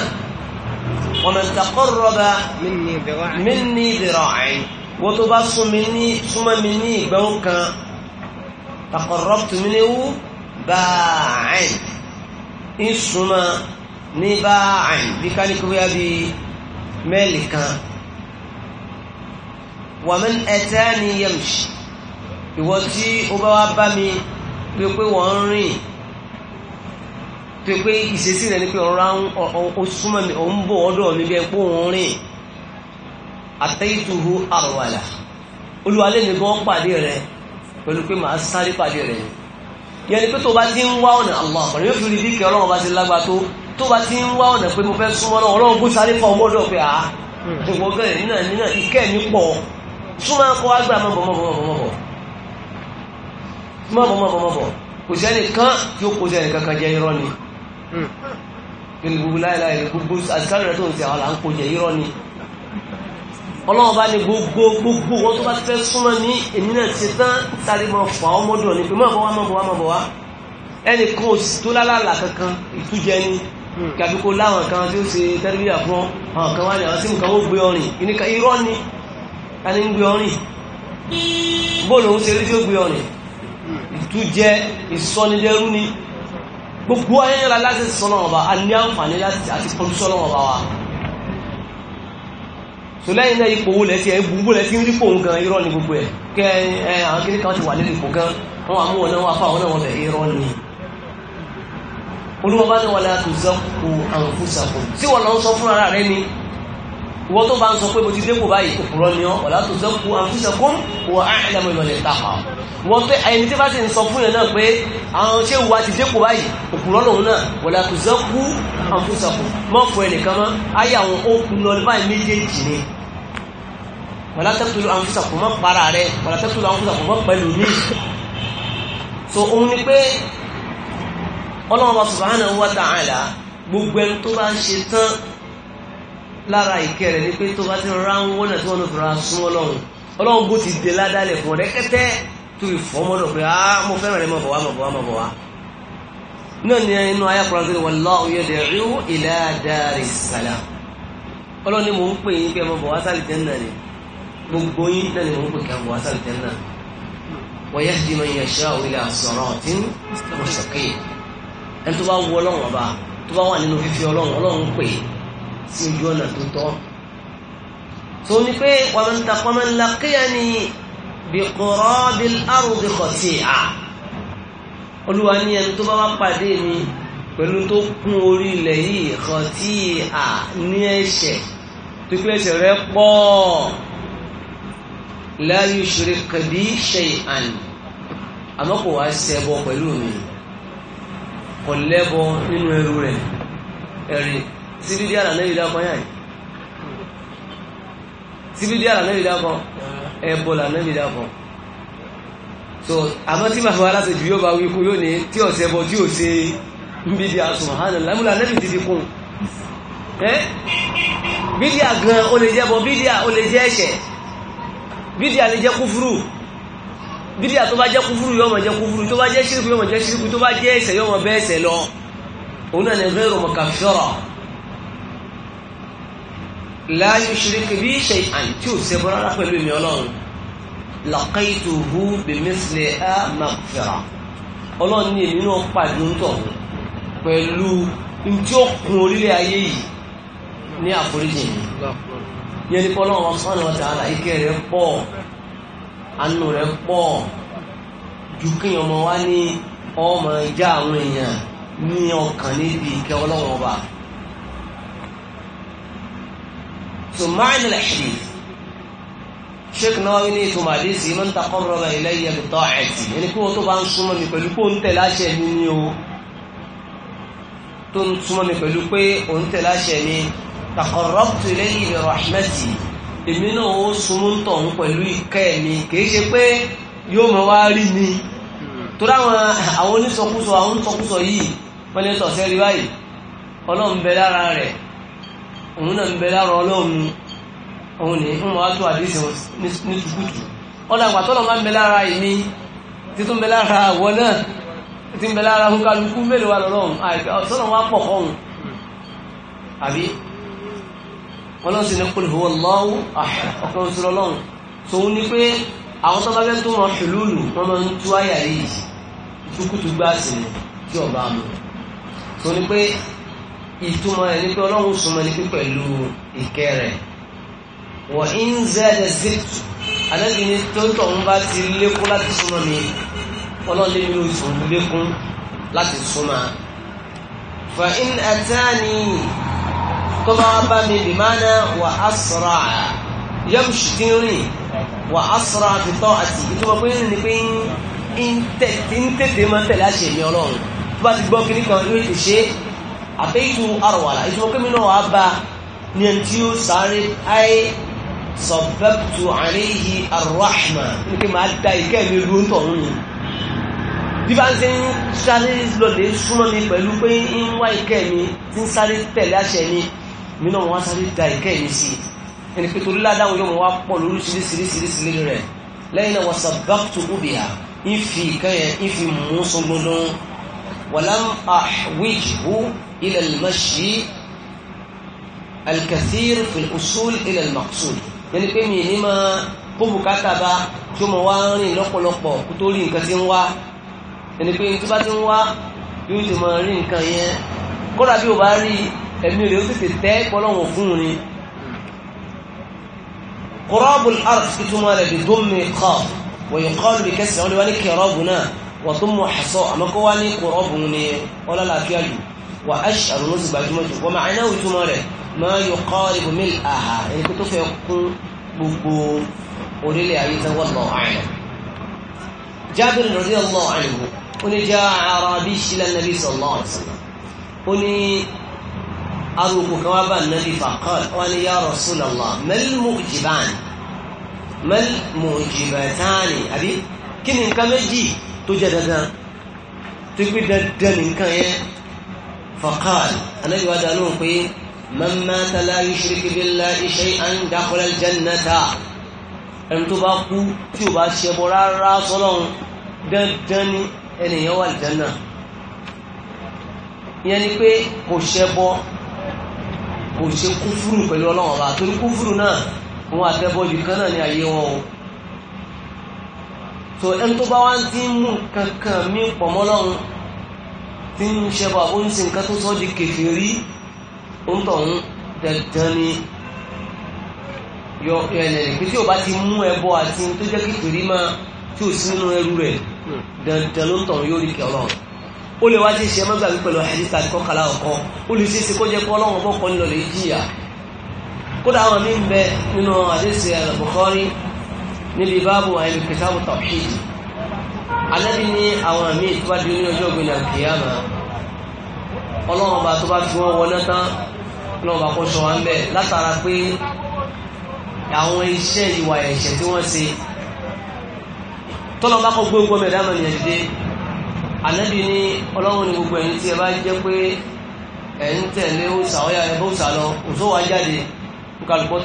wa man taqarraba minni dhira'in wọ́n tó bá súnmọ́ mi ní ìgbọ́n kan taqarrabtu minhu ba'in ń súnmọ́ ní ba'in bí ká ní kó yá bí mẹ́lì kan wa man atani yamshi ìwọ tí ó bá wá bá mi tó yẹ pé wọ́n ń rìn tó yẹ pé ìṣesí rẹ̀ ni pé ọ̀rọ̀ ó súnmọ́ mi òun bọ̀ ọ̀dọ̀ mi bí ẹ pé òun rìn àtẹ́yìntúhu àrọ̀wàlà olúwalé mi gan pàdé rẹ̀ pẹ̀lú pé màá sáré pàdé rẹ̀ yẹn ni pé tó bá ti ń wá ọ̀nà àwọn àpọ̀lẹ́ yóò fi rí bí kẹ́ ọlọ́run bá ti lágbá tó tó bá ti ń wá ọ̀nà pé mo fẹ́ súnmọ́ náà ọlọ́run kó sáré fọ́ ọmọdọ̀ pé àá ìwọ̀gẹ́rẹ̀ nínà nínà ìkẹ́ mi pọ̀ súnmọ́ kọ́ agbára mọ́bọ̀mọ́bọ̀mọ́bọ̀ mọ́mọ́mọ́mọ́mọ́ kò sẹ́ni kan tí ó kó sẹ́ni kankan jẹ́ irọ́ ni pẹ̀lú hmm. gbogbo láìláì gbogbo àtikárí rẹ̀ tó ń tẹ àwọn là ń kó jẹ irọ́ ni ọlọ́run bá ní gbogbo gbogbo wọn tó bá fẹ́ súnmọ́ ní èmi náà ti tán sáré mọ́ fà ọ́ mọ́dọ̀ ni pé mọ́ bọ́ wá mọ́ bọ́ wá mọ́ bọ́ wá ẹnì kan òsì tó lálàlà kankan ìtújẹ ni hmm. kàbí ni ká ní ń gbé ọrìn bóòlù òun ṣe ìtújẹ ìsọnidẹrú ni gbogbo ayẹyẹra láti sọ́nà ọba a ní àǹfààní láti àti kọlùsọ́nà ọba wa so lẹ́yìn náà ipò wọlẹ̀ tí ẹ gbogbo lẹ́ tí ń rípò ń gan irọ́ ni gbogbo ẹ̀ kẹ́ ẹ àwọn kiri kan ti wà lórí ipò gan wọn àmú wọn náà wọn afá wọn náà wọn bẹ̀ irọ́ ni olúwọ́n bá ní wọn láti zọ́kù àǹfùsàkù tí wọn lọ sọ fún ara wọ́n tó bá ń sọ pé mo ti dépò báyìí òpùrọ̀ ni ọ́ ọ̀lá tó zẹ́kù àfúnṣẹ́kún wọ àìlẹ́mọ̀ ìlọ̀lẹ̀ tàpá wọ́n pé ẹni tí bá ti ń sọ fún yẹn náà pé àwọn ṣé wa ti dépò báyìí òpùrọ̀ lòun náà ọ̀lá tó zẹ́kù àfúnṣẹ́kún mọ́ fún ẹnìkan mọ́ ayé àwọn okùn lọ báyìí méjèèjì ni ọ̀lá tẹ́kùlù àfúnṣẹ́kún mọ́ para rẹ ọ̀lá tẹ́kùlù àfúnṣẹ́kún mọ́ pẹ̀lú mi so òun ni pé Ọlọ́run subhanahu wa ta'ala gbogbo ẹni tó bá lára ìkẹ́ rẹ̀ ní pé tó bá ti rọra ń wọ́nà tí wọ́n fi ra sún ọlọ́run ọlọ́run bó ti dé ládàlẹ̀ fún ọ̀rẹ́ kẹ́tẹ́ tó ìfọ́mọ́dọ̀ pé ah mo fẹ́ràn rẹ̀ mọ̀ bọ̀ wá mọ̀ bọ̀ wá mọ̀ bọ̀ wá náà ni inú ayé kúrọ́sílẹ̀ wallahu yad'u ila daris salam ọlọ́run ni mò ń pè yín pé ọmọ bọ̀ wá sálì ni gbogbo yín náà ni mò ń pè sí ojú ọ̀nà tó tọ́ tó ní pé wàmán takwaman laqiyani bi qurabil ardi khati'a olúwa ní ẹni tó bá wá pàdé mi pẹ̀lú tó kún orí ilẹ̀ yìí khati'a ní ẹ̀ṣẹ̀ tó ẹ̀ṣẹ̀ rẹ̀ pọ̀ la yushrik bi shay'an àmọ́ kò wá ṣẹbọ pẹ̀lú mi kò lẹ́bọ nínú ẹrú rẹ̀ ẹ̀rìn síbídíà là nẹ́bí dákan yáà síbídíà là nẹ́bí dákan la là nẹ́bí dákan so àmọ́ tí màá aláṣẹ jù yóò bá wí kú yóò ní tí ọ̀sẹ̀ bọ̀ tí ò ṣe ń bí di àsùn hànà lámúlà nẹ́bí ti fi kún ẹ́ bídíà gan ó lè jẹ́ bọ bídíà ó lè jẹ́ ẹ̀ṣẹ̀ bídíà lè jẹ́ kúfúrú bídíà tó bá jẹ́ kúfúrú yóò máa jẹ́ kúfúrú tó bá jẹ́ ṣíríkù yóò máa jẹ́ ṣíríkù tó bá jẹ́ ẹ̀ṣẹ̀ yóò máa bẹ́ ẹ̀ṣẹ̀ lọ òun náà ní gẹ́rù mọ̀kàfíọ́rọ̀ la yushrik bi shay'an tí ò sẹ́bọ̀ rárá pẹ̀lú èmi ọlọ́run laqaytuhu bimithli maghfirah ọlọ́run ní èmi náà pàdé ń tọ̀ pẹ̀lú ntí ó kun orílẹ̀ ayé yìí ní àforíjì mi yẹn ní pọ́lọ́run wa subhanahu wa ta'ala ìkẹ́ rẹ̀ pọ̀ àánú rẹ̀ pọ̀ ju ọmọ wa ní ọmọ ìjà àwọn èèyàn ní ọkàn níbi ìkẹ́ ọlọ́run ọba. tó máa ń lè ṣe sheikh Nawawi ní ìtumọ̀ àdéhìsì man taqarraba ilayya bi ta'ati ẹni kí wọ́n tó bá ń súnmọ́ mi pẹ̀lú pé òun tẹ̀lé àṣẹ mi ni o tó ń súnmọ́ mi pẹ̀lú pé òun tẹ̀lé àṣẹ mi taqarrabtu ilayhi bi rahmati èmi náà ó súnmọ́ ń tọ̀hún pẹ̀lú ìkẹ́ mi kìí ṣe pé yóò mọ̀ wá rí mi tó dáwọn àwọn onísọkúsọ àwọn onísọkúsọ yìí wọ́n lè sọ̀sẹ́ rí báyìí ọlọ́run bẹ lára rẹ̀ òun náà ń bẹ lára ọlọ́run òun ní ń wàá tó àdísì ní tukutu ọ̀dà àgbàtọ́lọ̀ máa ń bẹ lára ìní títún ń bẹ lára àwọ̀ náà tí ń bẹ lára kúkálukú mélòó wà lọ́rọ̀ ọ̀tọ́lọ̀ wá pọ̀ kọ́hùn àbí ọlọ́run sì ní qul huwa Allahu ahad ọ̀kan oṣù lọ́run tòun ni pé àwọn tó bá fẹ́ tó wọn ṣùlùlù wọn máa ń tú àyà yìí tukutu gbáàsì ni tí ọba mu tòun ni ìtumọ̀ rẹ̀ ní pé ọlọ́run súnmọ́ ní pé pẹ̀lú ìkẹ́ rẹ̀ wọ́n ń zẹ́ẹ̀dẹ̀ zẹ́ẹ̀tù alẹ́bí ní tó ń tọ̀hún bá ti lékún láti súnmọ́ mi ọlọ́run lé mi oṣù lékún láti súnmọ́ fa in atani tó bá wá bá mi bìmánà wà á sọ̀rọ̀ yẹ́mùsù tí rìn wà á sọ̀rọ̀ àti àti ìtumọ̀ pé ní pé ń tètè máa tẹ̀lé àṣẹ mi ọlọ́run tó bá ti gbọ́ kíní kan yóò ṣe é àtẹ́yìtù àrọ̀wàlà ìtumọ̀ pé mi náà wàá bá ní ẹni tí ó sáré ayé sọ̀bẹ́pùtù àríyí àrọ̀hàmà ní kí máa da ìkẹ́ mi ru ntọ̀run ni bí bá ń ṣe ń sáré lọlẹ̀ súnmọ́ mi pẹ̀lú pé ń wá ìkẹ́ mi ti ń sáré tẹ̀lé àṣẹ mi mi náà wọ́n á sáré da ìkẹ́ mi sí ẹni pé torí ládàáwọn yóò wá pọ̀ lórí ṣiríṣiríṣiríṣi rẹ̀ lẹ́yìn náà wọ́n sọ̀bẹ́pùtù òbíà ìfì ìkẹ́ ìfì mú sọ gbọdọ̀ wọ̀lá àwíjì إلى المشي الكثير في الأصول إلى المقصود يعني كم ينما كم كتبا كم واني لقو لقو كتولي كتين وا يعني كم تباتين وا يوجد مارين كاين kódà bí o bá rí ẹ̀mí rẹ̀ ó tètè tẹ́ pọ́lọ́wọ̀n fún ni kọ́rọ́bù arf ìtumọ̀ rẹ̀ bí dómi kọ́ wọ̀nyí kọ́lù bí kẹsàn-án wọ́n ni kẹrọ́bù náà wọ́n tó mọ̀ àṣọ àmọ́kọ́ wá ní kọ́rọ́bù ni ọlọ́lá wà ash'ar ló sì gbajúmọ̀ jù wọ́n máa náà ìtumọ̀ rẹ̀ máa yuqaribu mil'aha ẹni pé tó fẹ́ kún gbogbo orílẹ̀ ayé tán wallahu a'lam. Jabir radiyallahu anhu ó ní já ara bí sílẹ̀ nàbí sallallahu alaihi wasallam ó ní aróko kan wá bá nàbí faqal wọn ni ya Rasulallah mal mu'jiban mal mu'jibatani àbí kí ni nǹkan méjì tó jẹ dandan tó gbé dandan nìkan yẹn فقال أنا يودانوكي من مات لا يشرك بالله شيئا دخل الجنة ẹni tó bá kú tí ò bá ṣẹbọ rárá sọ́lọ́run dandan ni ẹnìyàn wà lìjánà ìyẹn ni pé kò ṣẹbọ kò ṣe kúfúrù pẹ̀lú ọlọ́run ọba torí kúfúrù náà wọn àtẹ́bọ kan náà ní ayé wọn o so ẹni tó bá wá ń tí mú kankan mí pọ̀ mọ́lọ́run tí ń ṣẹbọ àbó ń sin nǹkan tó sọ di kèfèrí ń tọ̀hún dandan ni yọ ẹ̀lẹ̀ pé tí o bá ti mú ẹbọ àti tó jẹ́ kèfèrí máa tí o sí nínú ẹrú rẹ̀ dandan ló ń tọ̀hún yóò rí kẹ́ ọlọ́run ó lè wá ṣe ṣe mọ́gbàgbé pẹ̀lú àdìsá kọ́kànlá ọ̀kọ́ ó lè ṣe é ṣe kó jẹ́ pé ọlọ́run ọkọ̀ nílò lè jìyà kódà àwọn mí ń bẹ nínú àdìsá Bukhari níbi báàbù àìlùkìtàbù alẹ́bí ní àwọn míì tó bá di ní ọjọ́ ògbìn àkìyàmà ọlọ́run bá tó bá fi wọ́n wọná tán ọlọ́run bá kó sọ wọn bẹ́ẹ̀ látara pé àwọn iṣẹ́ ìwà ẹ̀ṣẹ̀ tí wọ́n ṣe tọ́lọ́ bá kọ́ gbé ogun ẹ̀dá mọ̀nìyàn dìde alẹ́bí ní ọlọ́run ní gbogbo ẹ̀yìn tí ẹ bá jẹ́ pé ẹ̀ ń tẹ̀lé òòsà ọ̀yà ẹ̀ bóòsà lọ òṣó wa jáde kálukọ́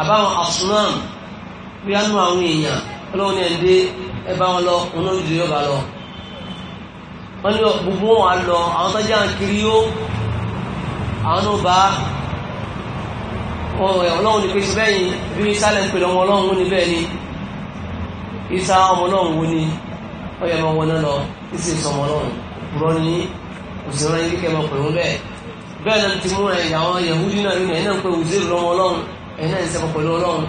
àbáwọn asnam bí a nú àwọn èèyàn ọlọ́run ní ẹ̀ndé ẹbá wọn lọ onóòjì yóò bá lọ wọ́n ní gbogbo wọn wà lọ àwọn tó jẹ́ àǹkiri yóò àwọn náà bá ọlọ́run ní pé bẹ́yìn bí sálẹ̀ ń pè lọ́wọ́ ọlọ́run ní bẹ́ẹ̀ ni isa ọmọ ọlọ́run wo ni ọyọ ọmọ wọn náà lọ isi ìsọmọ ọlọ́run rọ ní òṣèré yìí kẹ́ mọ̀ pẹ̀lú bẹ́ẹ̀ bẹ́ẹ̀ náà ti mú ẹ̀yà àwọn yahudi náà nínú ẹ̀ náà pé òṣèré lọ́wọ́ ọlọ́run ẹ̀yin náà ń sẹ́kọ̀ pẹ̀lú ọlọ́run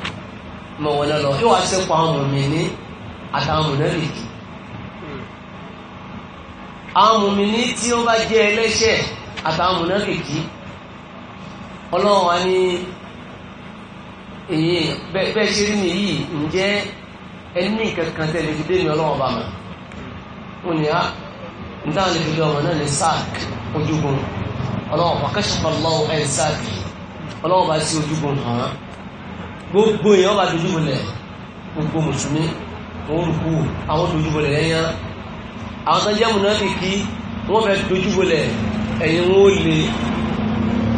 mọ̀ wọ́n lọ́lọ́ yóò wá sẹ́kọ̀ àwọn mùmíní àtàwọn mùnẹ́rì àwọn mùmíní tí ó bá jẹ́ ẹlẹ́ṣẹ̀ àtàwọn mùnẹ́rì kì ọlọ́run wa ní èyí bẹ́ẹ̀ ṣe rí mi yìí ǹjẹ́ ẹni kankan tẹ́lẹ̀ fi dé mi ọlọ́run bá mọ̀ wọ́n ní á ń dáhùn lè fi dé ọmọ náà ní sáàk ojúgun ọlọ́run wàkẹ́sọ̀kọ̀ lọ́wọ́ ẹ̀ sáàkì ọlọ́wọ́ bá sí ojúgun hàn án gbogbo èèyàn bá dojúbolẹ̀ gbogbo mùsùlùmí wọn rúkú àwọn dojúbolẹ̀ lẹ́yìn àwọn tó jẹ́ mùnáfìkí wọ́n fẹ́ dojúbolẹ̀ ẹ̀yìn wọn ó le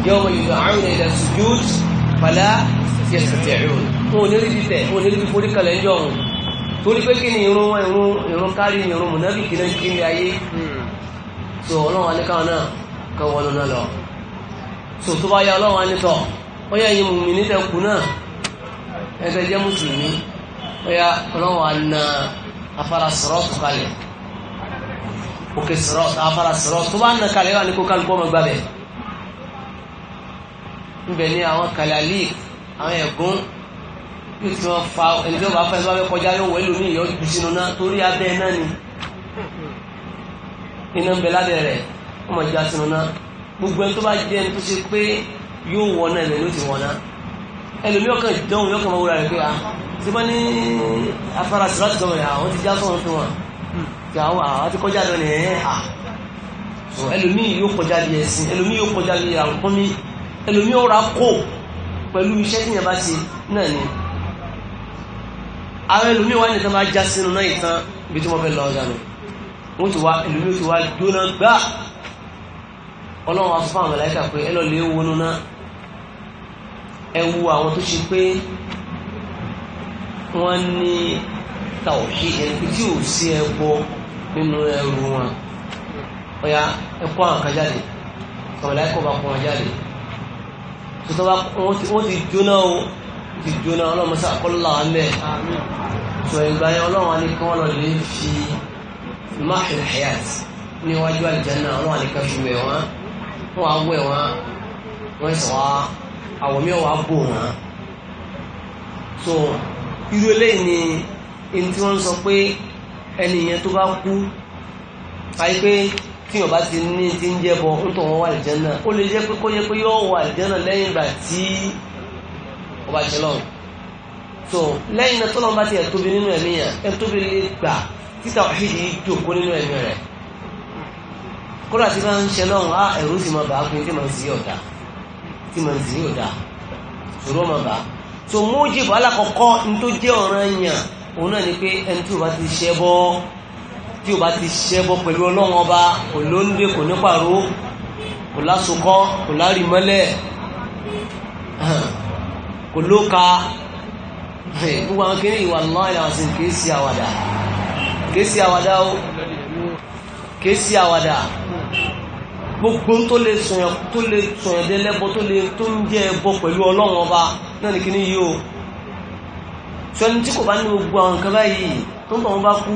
yawma yud'awna ila sujud fala yastati'un wọn ò ní rí títẹ̀ wọn ò ní rí fi forí kalẹ̀ ni irun wọn irun irun kárí irun mùnáfìkí náà kí ni ayé tó hmm. ọlọ́run alẹ́ káwọn so tó bá yá ọlọ́run á ní tọ̀ ó yẹ ẹ̀yin mùmí ní tẹ̀kù náà ẹ̀fẹ̀ jẹ́ mùsùlùmí ó yá ọlọ́run á na afárá sọ̀rọ̀tù kalẹ̀ òkè sọ̀rọ̀tù afárá sọ̀rọ̀tù tó bá na kalẹ̀ wà ní kó kálukú ọmọ gbàbẹ̀ níbẹ̀ ní àwọn kàlàlí àwọn ẹ̀gún yóò ti wọn fa ẹni tó bá fẹ́ tó bá fẹ́ kọjá yóò wẹ́lú ní ìyọ́ ju sínú náà torí abẹ́ náà ni iná ń bẹ lábẹ́ rẹ̀ ọmọ ìjà sínú náà gbogbo ẹni tó bá jẹ́ ẹni tó ṣe pé yóò wọ náà ẹ̀mẹ́ ló ti wọ̀ náà ẹlòmí ọkàn ìdánwò yọkàn máa wúra rẹ̀ pé ah ṣe bá ní afárá sí láti sọ̀rọ̀ àwọn ti já sọ̀rọ̀ fún wọn kí àwọn àwọn ti kọjá lọ nìyẹn ah ẹlòmí yóò kọjá bí ẹ̀sìn ẹlòmí yóò kọjá bí àwòkọ́mí ẹlòmí ó ra pẹ̀lú iṣẹ́ tí yẹn bá ṣe náà ni àwọn ẹlòmí wá nìkan máa já sínú náà ìtàn ibi tí wọ́n fẹ́ lọ ọjà lọ wọ́n ti wá ẹlòmí ti wá jóná gbáà ọlọ́run afọ́ àwọn màláíkà pé ẹlọ́ lè wọnú náà ẹ wo àwọn tó ṣe pé wọ́n ní tàwọ̀ṣí ẹni tí ò sí ẹbọ nínú ẹrù wọn ọ̀yà ẹ̀kọ́ àwọn kan jáde màláíkà bá kọ́ wọn jáde tuntun bá wọ́n ti jóná o ti jóná ọlọ́run sá kọ́lá mẹ́ sọ ìgbà yẹn ọlọ́run á ní kí lè fi máa ṣe hayat níwájú àlìjáná ọlọ́run á ní fi wẹ̀ wọ́n wọn á wẹ̀ wọn wọn sọ wá àwọ̀ mi wà bò wọn. so irú eléyìí ni ẹni tí wọ́n sọ pé ẹni yẹn tó bá kú àyè pé tí yọ̀bá ti ní ti ń jẹ́ bọ ń tọ̀ wọ́n wà àlìjẹ́nà ó lè jẹ́ pé kó yẹ pé yọ̀ wà àlìjẹ́nà lẹ́yìn ìgbà tí ọba ṣe lọ́run so lẹ́yìn náà tọ́lọ́mọba ti ẹ̀ tóbi nínú ẹ̀mí yẹn ẹ̀ tóbi lè gbà títà òṣìṣẹ́ yìí jòkó nínú ẹ̀mí rẹ̀ kódà tí máa ń ṣe lọ́run á ẹ̀rú sì máa bà á pin tí máa ń sí ọ̀dà tí máa ń sí ọ̀dà ṣòro ọmọ bà á tó mojib alákọ̀ọ́kọ́ ní tó jẹ́ ọ̀ràn èèyàn òun náà ni pé ẹni tí o bá ti ṣẹ́ bọ́ tí o bá ti ṣẹ́ bọ́ pẹ̀lú ọlọ́run ọba kò lóńdè kò ní pàró kò lásokọ́ kò lárí mọ́lẹ̀ kò lóka gbogbo àwọn kéré ìwà náà ìlànà sí kìí sí àwàdà kìí sí àwàdà o kìí sí àwàdà gbogbo tó lè sọ̀yàn tó lè sọ̀yàn dé lẹ́bọ tó lè tó ń jẹ́ ẹbọ pẹ̀lú ọlọ́run ọba náà ní kíní yìí o sọni tí kò bá ní gbogbo àwọn nǹkan báyìí tó ń bọ̀ wọn bá kú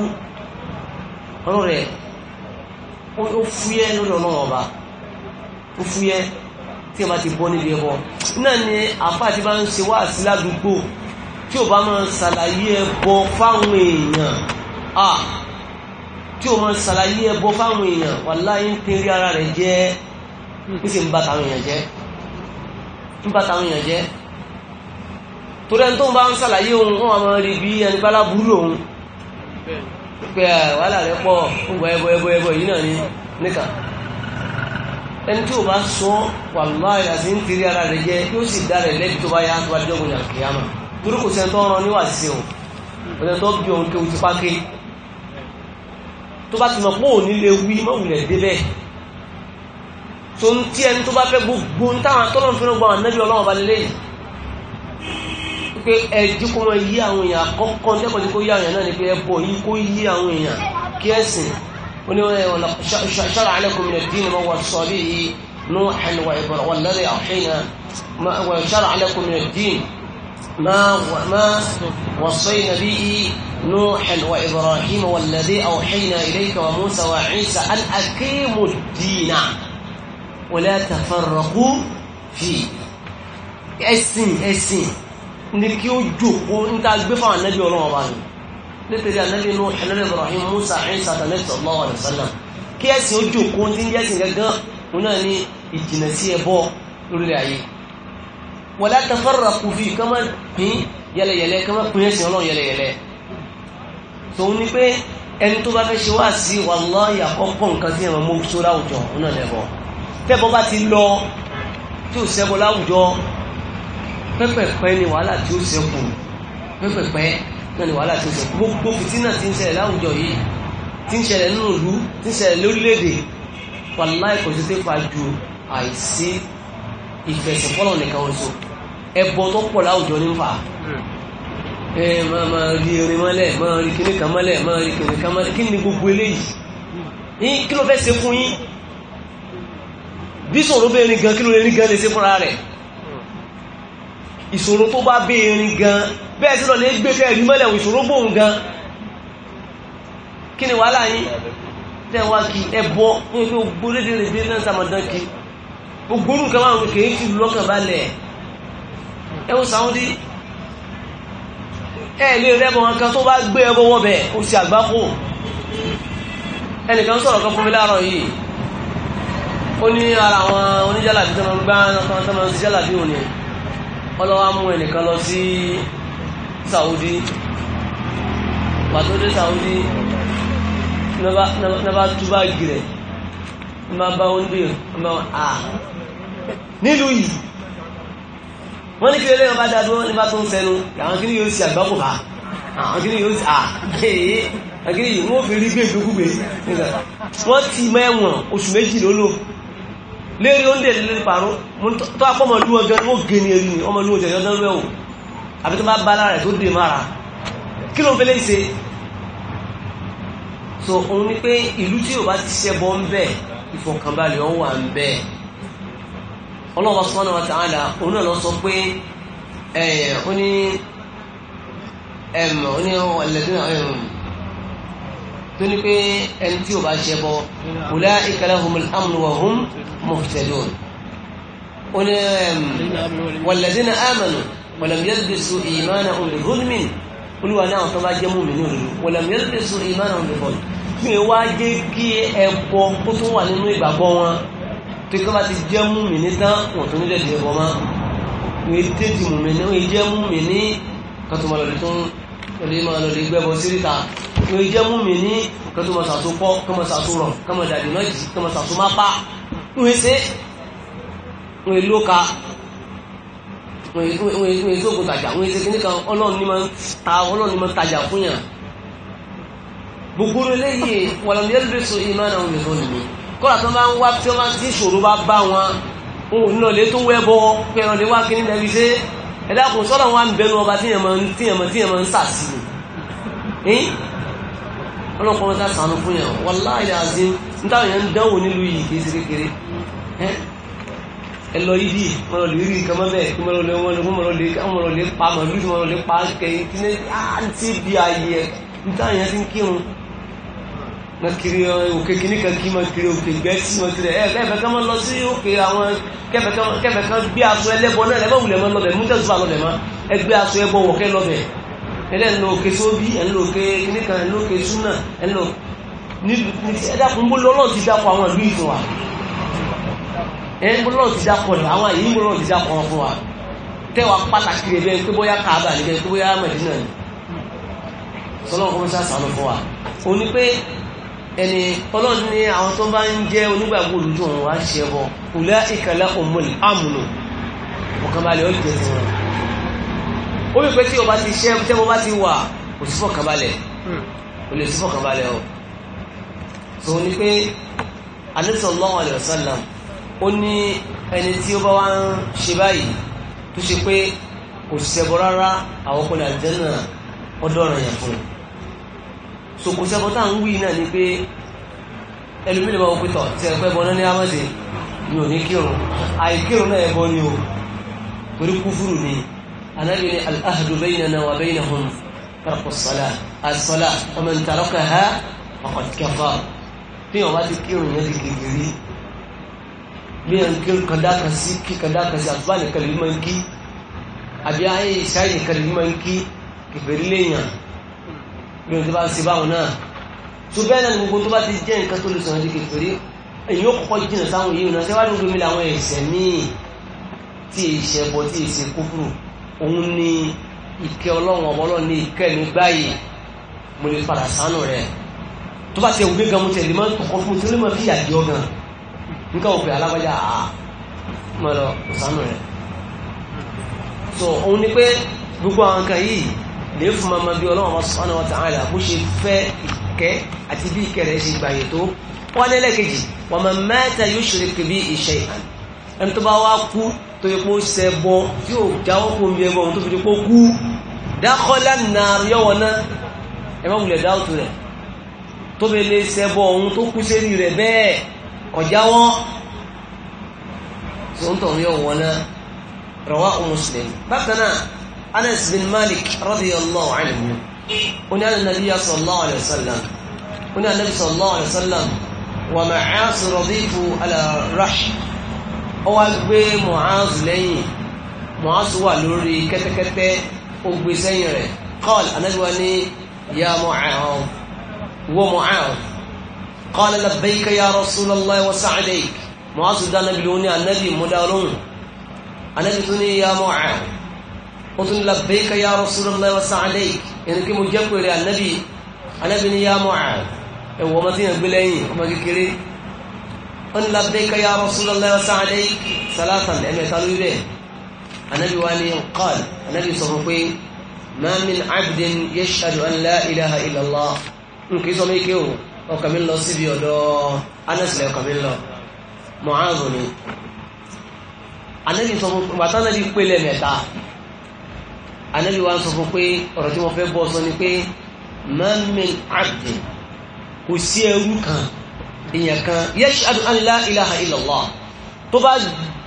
ọ̀rọ̀ rẹ̀ ó fúyẹ́ lórí ọlọ́run ọba ó fúyẹ́ tí ẹ bá ti bọ́ níbi ẹbọ náà ni àfáà ti bá ń ṣe wá sí ládùúgbò tí ò bá máa ṣàlàyé ẹbọ fáwọn èèyàn ah tí o máa ṣàlàyé ẹbọ fáwọn èèyàn wàláyé ń tẹ́rí ara rẹ̀ jẹ́ ń sì ń bá tàwọn èèyàn jẹ́ ń bá tàwọn èèyàn jẹ́ torí ẹni tó ń bá ń ṣàlàyé òun wọn àmọ́ rí bí ẹni bá láburú lòun pé wàhálà rẹ̀ pọ̀ ńgbà ẹbọ ẹbọ ẹbọ yìí náà ni nìkan ẹni tí o bá sọ wàláyé àti ń tẹ́rí ara rẹ̀ jẹ́ yóò sì dá rẹ̀ lẹ́bi tó bá yá tó bá dẹ́gun yàn kìyàmà torí kò sẹ́ni tó ń tó bá ti mọ̀ pé òní lè wí mọ́wùlẹ̀ débẹ̀ tó ń tí ẹni tó bá fẹ́ gbogbo ń táwọn tọ́lọ́n fún ọgbà ànábì ọlọ́wọ́ bá lélẹ̀ pé ẹjú kó máa yí àwọn èèyàn àkọ́kọ́ lẹ́kọ̀ọ́ tí kò yí àwọn èèyàn náà ni pé ẹbọ yìí kó yí àwọn èèyàn kí ẹ̀sìn ó ní ṣọ́ra alẹ́kùn ما ما وصينا به نوحا وابراهيم والذي اوحينا اليك وموسى وعيسى ان اقيموا الدين ولا تفرقوا فيه ẹ̀sìn ẹ̀sìn ní kí ó jòkó ní ká gbé fáwọn ànábì ọlọ́wọ́ bá ní nítorí ànábì inú ẹ̀nàbì ibrahim musa isa tàbí sallallahu alaihi wasallam kí ẹ̀sìn ó jòkó tí ń jẹ́sìn gẹ́gẹ́ òun náà ní ìjìnà sí ẹbọ lórílẹ̀ ayé wala tafarraqu fi kọ́mọ́ pín yẹlẹyẹlẹ kọ́mọ́ pín ẹ̀sìn ọlọ́run yẹlẹyẹlẹ tòun ni pé ẹni tó bá fẹ́ ṣe wá sí wallahi àkọ́kọ́ nǹkan tí ẹ̀mọ̀ mú tó láwùjọ náà lẹ́bọ̀ tẹ́bọ̀ bá ti lọ tí ò sẹ́bọ láwùjọ pẹ́pẹ̀pẹ́ ni wàhálà tí ó sẹ́kù pẹ́pẹ̀pẹ́ náà ni wàhálà tí ó sẹ́kù gbogbo fìtínà tí ń ṣẹlẹ̀ láwùjọ yìí tí ń ṣẹlẹ̀ nínú ìlú tí ń ṣẹlẹ̀ lórílẹ̀-èdè wallahi kò sí tẹ́ ju àìsí ìfẹ̀sìnfọ́lọ̀ nìkan oṣù ẹbọ tó pọ̀ láwùjọ ní fà hmm. ẹ máa máa rí erin mọ́lẹ̀ máa rí kíní kan mọ́lẹ̀ máa rí kíní kan mọ́lẹ̀ kí ni gbogbo eléyìí yín kí ló fẹ́ ṣe fún yín bí sọ̀rọ̀ bẹ́ẹ̀ ni gan kí ló lè ní gan lè ṣe fúnra rẹ̀ ìṣòro tó bá bẹ́ẹ̀rin gan bẹ́ẹ̀ sí lọ lè gbé fẹ́ rí mọ́lẹ̀ ìṣòro bóhun gan kí ni wàhálà yín tẹ́wàá kí ẹbọ ní pé gbórédèrèdè náà sàmọ̀dán kí gbogbo nǹkan máa ń kèé sí lọ́kàn balẹ̀ ẹwọ Saudi ẹ lè rẹ́bọ̀ wọn kan tó bá gbé ẹbọ wọ́n bẹ̀ ó sì àgbákò ẹnìkan sọ̀rọ̀ kan fún mi láàárọ̀ yìí ó ní ara àwọn oníjàlàbí tó máa ń gbá tó máa ń sí jàlàbí òní ọlọ́wà mú ẹnìkan lọ sí Saudi pàtó dé Saudi nọba túbà gírẹ̀ nọba bá oníbèrè nílùú yìí wọ́n ní kí lè lẹ́yìn bá dá dúró ní bá tó ń sẹnu àwọn kí ni yóò ṣe àgbákò ha àwọn kí ni yóò ṣe à ee àwọn kí ni yìí wọ́n fi rí gbé ìdókúgbé wọ́n ti mẹ́wọ̀n oṣù méjì ló lò lérí oúnjẹ lè parọ́ tó akọ́mọ lúwọ́ gan ó gé ní erin ọmọ lúwọ́ jẹ̀yọ́ dán lẹ́wọ̀ àbí tó bá bá lára rẹ̀ tó dè mára kí ló ń fẹ́lẹ́ ṣe so òun ni pé ìlú tí yóò bá ti ṣẹ́ bọ́ ń bẹ́ẹ̀ ìfọ̀kànbalẹ̀ ọ wà ń bẹ́ẹ̀ Allah subhanahu wa ta'ala òun náà lọ sọ pé ó ní ó ní ẹlẹ́dínà tó ní pé ẹni tí ò bá ṣe bọ ulaika lahumul amnu wa hum muhtadun ó ní walladhina amanu wa lam yalbisu imanahum bi tó bá jẹ́ mú mi ní òdodo wa lam yalbisu imanahum bi dhulmin mi wá jẹ́ kí ẹ̀kọ́ kó tó wà nínú ìgbàgbọ́ wọn tí kọ́ bá ti jẹ́ mú mi ní tán wọ́n tó nílẹ̀ ìdíyẹ̀bọ̀ máa wọ́n tẹ́ ti mú mi ní wọ́n jẹ́ mú mi ní kọ́tùmọ̀ lọ́lẹ̀ tó ń lọ́lẹ̀ máa lọ́lẹ̀ gbẹ́bọ̀ síríta wọ́n jẹ́ mú mi ní kọ́tùmọ̀ sàtó pọ́ kọ́mọ̀ sàtó rọ̀ kọ́mọ̀ dàdí náà jì kọ́mọ̀ sàtó má pa wọ́n ṣe wọ́n ló ka wọ́n ṣe òkúta jà wọ́n ṣe kíníkan ọlọ́run ni máa ń tajà fún yàn gbogbo eléyìí wàlàndínlẹ́dẹ́sọ ìmáà náà wọ́n lè kọ́lá tó máa ń wá tí wọ́n máa ti ṣòro bá bá wọn òun náà lè tó wẹ́ bọ́ pẹ̀rọ̀ lè wá kíní lẹ́bi ṣe ẹ̀dá kò sọ́dọ̀ wọn bẹnu ọba tíyẹn máa ń tíyẹn máa tíyẹn máa ń sàṣì ni ọlọ́pàá wọn sàṣàánú fún yẹn wàláhì azim nítawọn yẹn ń dánwò nílùú yìí kì í ṣe kékeré ẹ lọ yíbi mọ̀rọ̀ lè rí nǹkan mọ́bẹ̀ kí mọ̀rọ̀ lè wọ́n lè mọ̀rọ̀ lè mọ̀rọ̀ lè pa mọ̀lú mọ̀rọ̀ lè pa kẹ́yìn kí ní à ń tí bí ayé ẹ̀ nítawọn yẹn ti ń kírun ma kiri eh, òkè kìíní kan kí ma kiri òkè gbẹ tí ma kiri eh, ẹ kẹfẹ kan ma lọ sí òkè àwọn kẹfẹ kan kẹfẹ kan gbé aṣọ ẹlẹbọ náà ẹ bá wulẹ̀ ma lọbẹ̀ mútẹ́ zuba lọbẹ̀ ma ẹ gbé aṣọ ẹbọ wọ̀kẹ́ lọbẹ̀ ẹ lẹ́ lọ òkè sóbi ẹ lọ òkè kìíní kan ẹ lọ òkè súnà ẹ lọ ẹ dàpọ̀ ń bọ́ lọ́lọ́ ti dàpọ̀ àwọn ìlú ìfún wa ẹ ń bọ́ lọ́ọ̀ ti dàpọ̀ àwọn yìí ń bọ́ lọ́ọ̀ ti dàpọ̀ wọn fún wa tẹ́wàá pàtàkì rẹ̀ bẹ́ẹ̀ pé bóyá káàbà níbẹ̀ pé bóyá mẹ̀dínà ni sọlọ́ọ̀ kọ́mọ́sá sàánú fún wa òní pé ẹni ọlọ́run ní àwọn tó bá ń jẹ́ onígbàgbọ́ olùdó òun wá ṣe ẹbọ kùlẹ́ ìkàlẹ́ òmùlẹ̀ àmùlò ọ̀kanbalẹ̀ ó jẹ ti wọn ó rí pé tí o bá ti ṣe tẹ́ o bá ti wà kò sí fọ̀kànbalẹ̀ o hmm. lè sí fọ̀kànbalẹ̀ o tó ní pé sallallahu alaihi wasallam ó ní ẹni tí ó bá wá ń ṣe báyìí tó ṣe pé kò ṣiṣẹ́ bọ́ rárá àwọn ọkùnrin àjẹ́ náà ọdọ́ ọ̀ràn yẹn fún un sòkòsẹ́bọ̀ tá à ń wí náà ni pé ẹlòmílẹ̀ máa wọ́pẹ́tọ̀ tí ẹ pẹ́ bọ́ná ní amáde ni ò ní kírun àìkírun náà ẹbọ ni o torí kúfúrù ni anábì ni al-ahdu baynana wa baynahum tarku as-salah as-salah wa man tarakaha bí wọn bá ti kírun yẹn ti kékeré bí wọn kírun kàdá sí kí kàdá sí àtúbà nìkan lè máa ń kí àbí ayé ìṣáyé nìkan lè máa ń kí kẹfẹ́ lẹ́yìn bí o ti bá ń ṣe báwọn náà tó bẹ́ẹ̀ náà ni gbogbo tó bá ti jẹ́ nǹkan tó lè sọ̀rọ̀ di kékeré èyí ó kọ́kọ́ jìnnà sáwọn yìí náà sẹ́wájú gbogbo mi làwọn ẹ̀ṣẹ̀ míì tí ìṣẹ́ bọ́ tí ìṣe kúfùrù òun ni ìkẹ́ ọlọ́run ọ̀bọ ọlọ́run ní ìkẹ́ mi báyìí mo lè padà sánú rẹ̀ tó bá ti ẹ̀wù gbẹ́gàn mo tẹ̀lé máa ń tọkọ fún tí ó lè máa fi àjẹ ọ̀gàn nǹkan òpè alágbájá mo lọ sánú rẹ̀ so òun ni pé gbogbo àwọn kan yìí lè fún ma ma bí ọlọ́wọ́ subhanahu wa ta'ala bó ṣe fẹ́ ìkẹ́ àti bí ìkẹ́ rẹ̀ ṣe gbàyè tó wọ́n lé lẹ́kẹ̀jì wa man mata yushrik bihi shay'an ẹni tó bá wá kú tó yẹ kó ṣẹ bọ tí ò jáwọ́ kó mi ẹbọ tó fi kó kú dakhala an-nar yọwọ́ bákan náà أنس بن مالك رضي الله عنه هنا النبي صلى الله عليه وسلم هنا النبي صلى الله عليه وسلم ومعاذ رضيف على رحم هو أكبر معاذ لين معاذ ولوري كتكتة أكبر سيره قال أنا أقولني يا معاذ ومعاذ قال لبيك يا رسول الله وسعديك معاذ ده نبي النبي مدارون النبي يا معاذ ó tún labbaika ya Rasulullah wa sa'alaik yẹn kí mo jẹ́ pèrè ànábì ànábì ni ya Mu'adh ẹ̀wọ̀ ọmọ tí yẹn gbé lẹ́yìn ọmọ kékeré ó ní labbaika ya Rasulullah wa sa'alaik salatan ẹ̀mẹ́ta ló bẹ̀ ànábì wa ni qal ànábì sọ fún pé ma min abdin yashhadu an la ilaha illallah nkì sọ mí kéwò ọkàn mi lọ síbi ọ̀dọ̀ anásìlẹ̀ ọkàn mi lọ Mu'adh ni ànábì sọ fún bàtà ànábì pélé mẹ́ta anábì wa ń sọ fún pé ọ̀rọ̀ tí wọ́n fẹ́ bọ́ sọ ni pé mamin abdi kò sí ẹrú kan èèyàn kan yashhadu an la ilaha illallah tó bá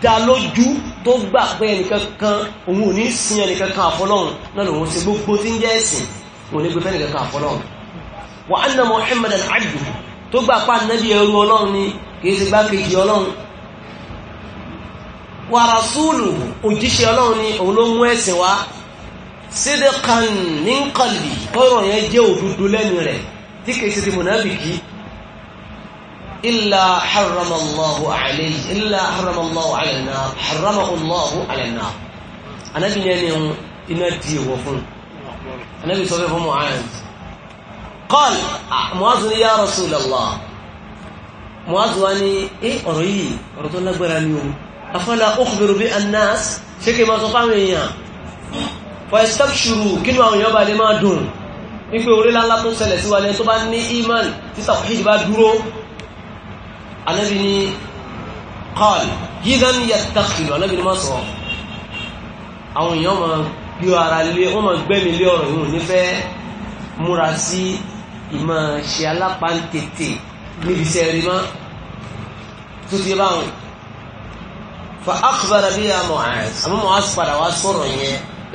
dá lójú tó gbà pé ẹnìkan kan òun ò ní sin ẹnìkan kan àfọlọ́run náà lòun ṣe gbogbo tí ń jẹ́ ẹ̀sìn òun ní gbé fẹ́nìkan kan àfọlọ́run wa anna muhammadan abdu tó gbà pa nábì ẹrú ọlọ́run ni kìí ṣe gbákejì ọlọ́run wa rasuluhu òjíṣẹ́ ọlọ́run ni òun ló mú ẹ̀sìn wá sídìkan ní kọlì ọ̀rọ̀ yẹn jẹ́ òdodo lẹ́nu rẹ̀ tí kìí ṣe ti mùnàbìkì ilà haramallahu alayhi ilà haramallahu alayna haramallahu alayna anabi yẹn ni iná di ìwọ fún anabi sọ fún muhammed kọl muhammadu ni ya rasulallah muhammadu wa ni ẹ ọ̀rọ̀ yìí ọ̀rọ̀ tó lágbára ni o afọlá ó kúbẹrù bí anas kí fọ́ẹ̀sítọ́ṣùrù kí ní àwọn èèyàn bá lè máa dùn wípé orí láńlá tó ṣẹlẹ̀ sí wa ní tó bá ní iman tí sàfihì bá dúró anábi ni qal yígan yàtàkìlù anábi ni má sọ àwọn èèyàn ma gbé ara lé wọ́n ma gbẹ́mi lé ọ̀rọ̀ ìhùn nífẹ́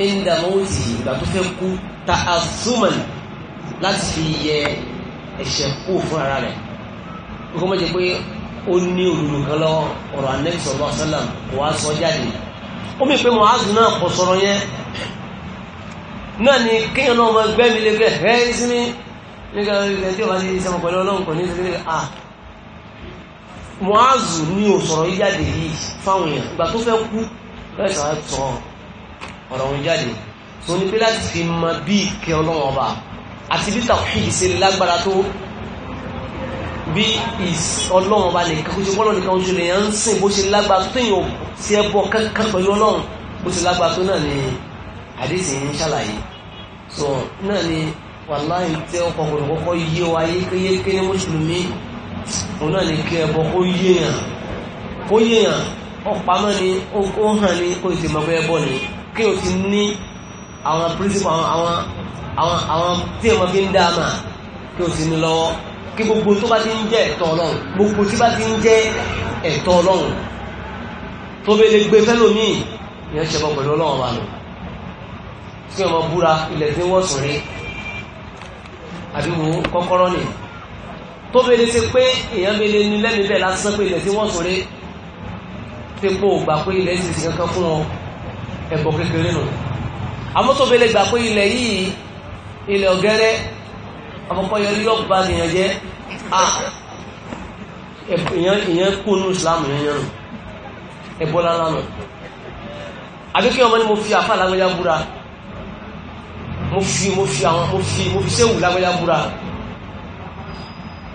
ẹ̀ńdà mọ́wòtì ìgbà tó fẹ́ kú ta azúmọ̀nì láti fi yẹ ẹ̀ṣẹ̀ kú fún ara rẹ̀ nǹkan mọ́jẹ pé ó ní òdodo kan lọ ọ̀rọ̀ Ànábì sallallahu alaihi wasallam kò wá ni kéèyàn náà máa gbẹ́mi lé pé ẹ̀ ẹ́ sí mi nígbà tí ó ọ̀rọ̀ òun jáde tó ní pé láti fi mọ bí ìkẹ́ ọlọ́wọ́n ọba àti bí tàwíìdì ṣe lágbára tó bí ọlọ́wọ́n ọba nìkan kó ṣe bọ́lọ̀ nìkan oṣù lèèyàn ń sìn bó ṣe lágbára tó téèyàn ti ẹ bọ kankan pẹ̀lú ọlọ́run bó ṣe lágbára tó náà ni àdéhìí ń ṣàlàyé so náà ni wàláhì tí ó kọkọ̀ kọ́kọ́ yé wa yékéyéké ní mùsùlùmí òun náà ni kí ẹbọ kó yéèyàn kó yéèyàn ọ̀pá mọ́ ni ó hàn ní kó ìtìmọ̀ pé ẹbọ ni kí o ti ní àwọn pírísìpù àwọn àwọn àwọn tí o máa fi ń dá àmà kí o ti ní lọ́wọ́ kí gbogbo tó bá ti ń jẹ́ ẹ̀tọ́ ọlọ́run gbogbo tí bá ti ń jẹ́ ẹ̀tọ́ ọlọ́run tó bẹ lè gbé fẹ́lòmíì ìyẹn ṣẹbọ pẹ̀lú ọlọ́run wa nù tí ọmọ búra ilẹ̀ tí wọ́n sùn rí àbíwò kọ́kọ́rọ́ nì tó bẹ lè ṣe pé èèyàn bẹ lè ní lẹ́nu bẹ́ẹ̀ lásán pé ilẹ̀ tí wọ́n sùn tí kò gbà pé ilẹ̀ ti kankan fún ọ ẹ̀kọ́ kékeré nù amótóbele gbà pé ilẹ̀ yìí ilẹ̀ ọ̀gẹ́rẹ́ ọkọ̀kọ́ yọ yọ bá nìyàn jẹ́ ìyẹn kúnnú ìsìlámù yẹn yẹn ẹ̀bọ́ lálánà àbíkẹ́ ọmọ ni mo fi àfà lágbẹ́já búra mo fi mo fi àwọn mo fi mo fi séwù lágbẹ́já búra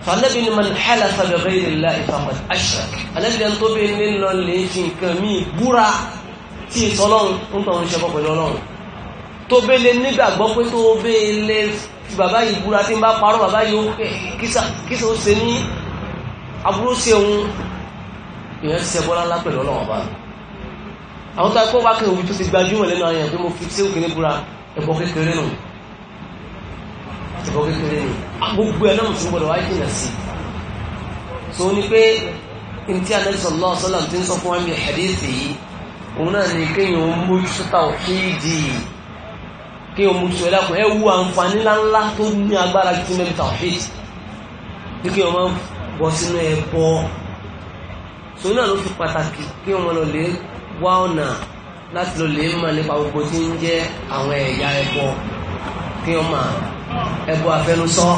fàlẹ́bí ni man halafa bi ghayri llahi faqad ashrak alẹ́bí ni tó bẹ́ẹ̀ nílọ lè fi nǹkan míì búra tí èso ọlọ́run ń tọrọ ṣe pọ̀ pẹ̀lú ọlọ́run tó bẹ́lẹ̀ nígbàgbọ́ pé tó bẹ́lẹ̀ tí bàbá yìí búra tí ń bá parọ́ bàbá yìí kíṣà ó ṣe ní aburú sí òun ìyẹn ṣe bọ́lá ńlá pẹ̀lú ọlọ́run ọba àwọn tó akọ́ wákẹ́ òbí tó ti gbajúmọ̀ lẹ́nu àwọn èèyàn pé mo fi sí òkè ní búra ẹ̀bọ kékeré nù ẹ̀bọ kékeré nù gbogbo ẹ̀ náà mo tún gbọdọ̀ wáyé jìnà so ní pé ntí anẹ́sọ̀ lọ́ọ̀ sọ́lá ti ń sọ fún wa mi hadithi yìí òun náà ni kéèyàn ó mójútó tàwhídì kéèyàn ó mójútó ẹlẹ́kùn ẹ wú àǹfààní ńláńlá tó ní agbára ju mẹ́bí tàwhídì ní kéèyàn máa bọ́ sínú ẹbọ sòun náà ló fi pàtàkì kéèyàn máa lọ lè wá ọ̀nà láti lọ lè mọ̀ nípa gbogbo tí ń jẹ́ àwọn ẹ̀yà ẹbọ kéèyàn máa ẹbọ àfẹnusọ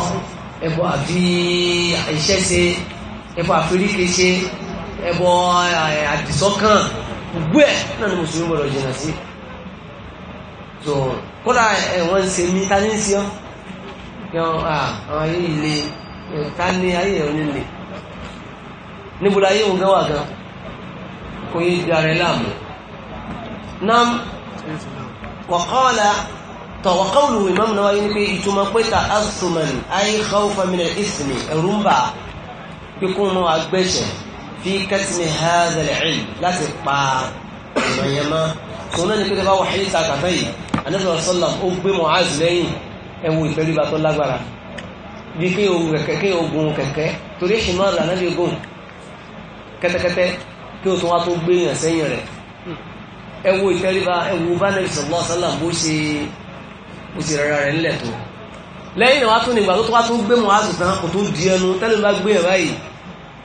ẹbọ àfi iṣẹ́ ṣe àfiríkèṣe ẹbọ àdìsọ́kàn gbogbo ẹ̀ náà ni mùsùlùmí gbọ́dọ̀ jìnà sí so kódà ẹ̀wọ̀n ń ṣe mí ta ní ń ṣe yọ àwọn ayé ilé ta ní ayé ẹ̀rọ nílé níbo la ayé òun gan wà gan kò yé ju ara ẹ láàmú nam wàkọ́ọ̀lá tọ̀ wàkọ́ọ̀lù ìmáàmù náà wáyé ní pé ìtumọ̀ pé ta asùnmọ̀nì ayé kọ́ọ̀fà mi ìsìnì ẹ̀rú ń bà pé kó agbẹ́sẹ̀ fi kẹ́tìmí hẹ́ẹ́dẹ̀lẹ̀ láti pa ìmọ̀yẹn mọ́ tó náà ní pé bá wàhálì ta kàfẹ́ yìí anẹ́sọ̀rọ̀ sọ́lá ó gbé Mu'az lẹ́yìn ẹwù ìfẹ́lúba tó lágbára bí kí ogun kẹ̀kẹ́ kí ogun kẹ̀kẹ́ torí ṣì máa lànà bí ogun kẹ́tẹ́kẹ́tẹ́ kí o tún wá tó gbé yàn sẹ́yìn rẹ̀ ẹwù ìfẹ́lúba ẹwù bá nẹ́bí sọ̀lá sọ́lá bó ṣe bó ṣe rárá rẹ̀ nílẹ̀ tó lẹ́yìn náà wá tún nígbà tó tún wá tún gbé Mu'az tán kò tún di ẹnu tẹ́lẹ̀ bá gbé yàn báyìí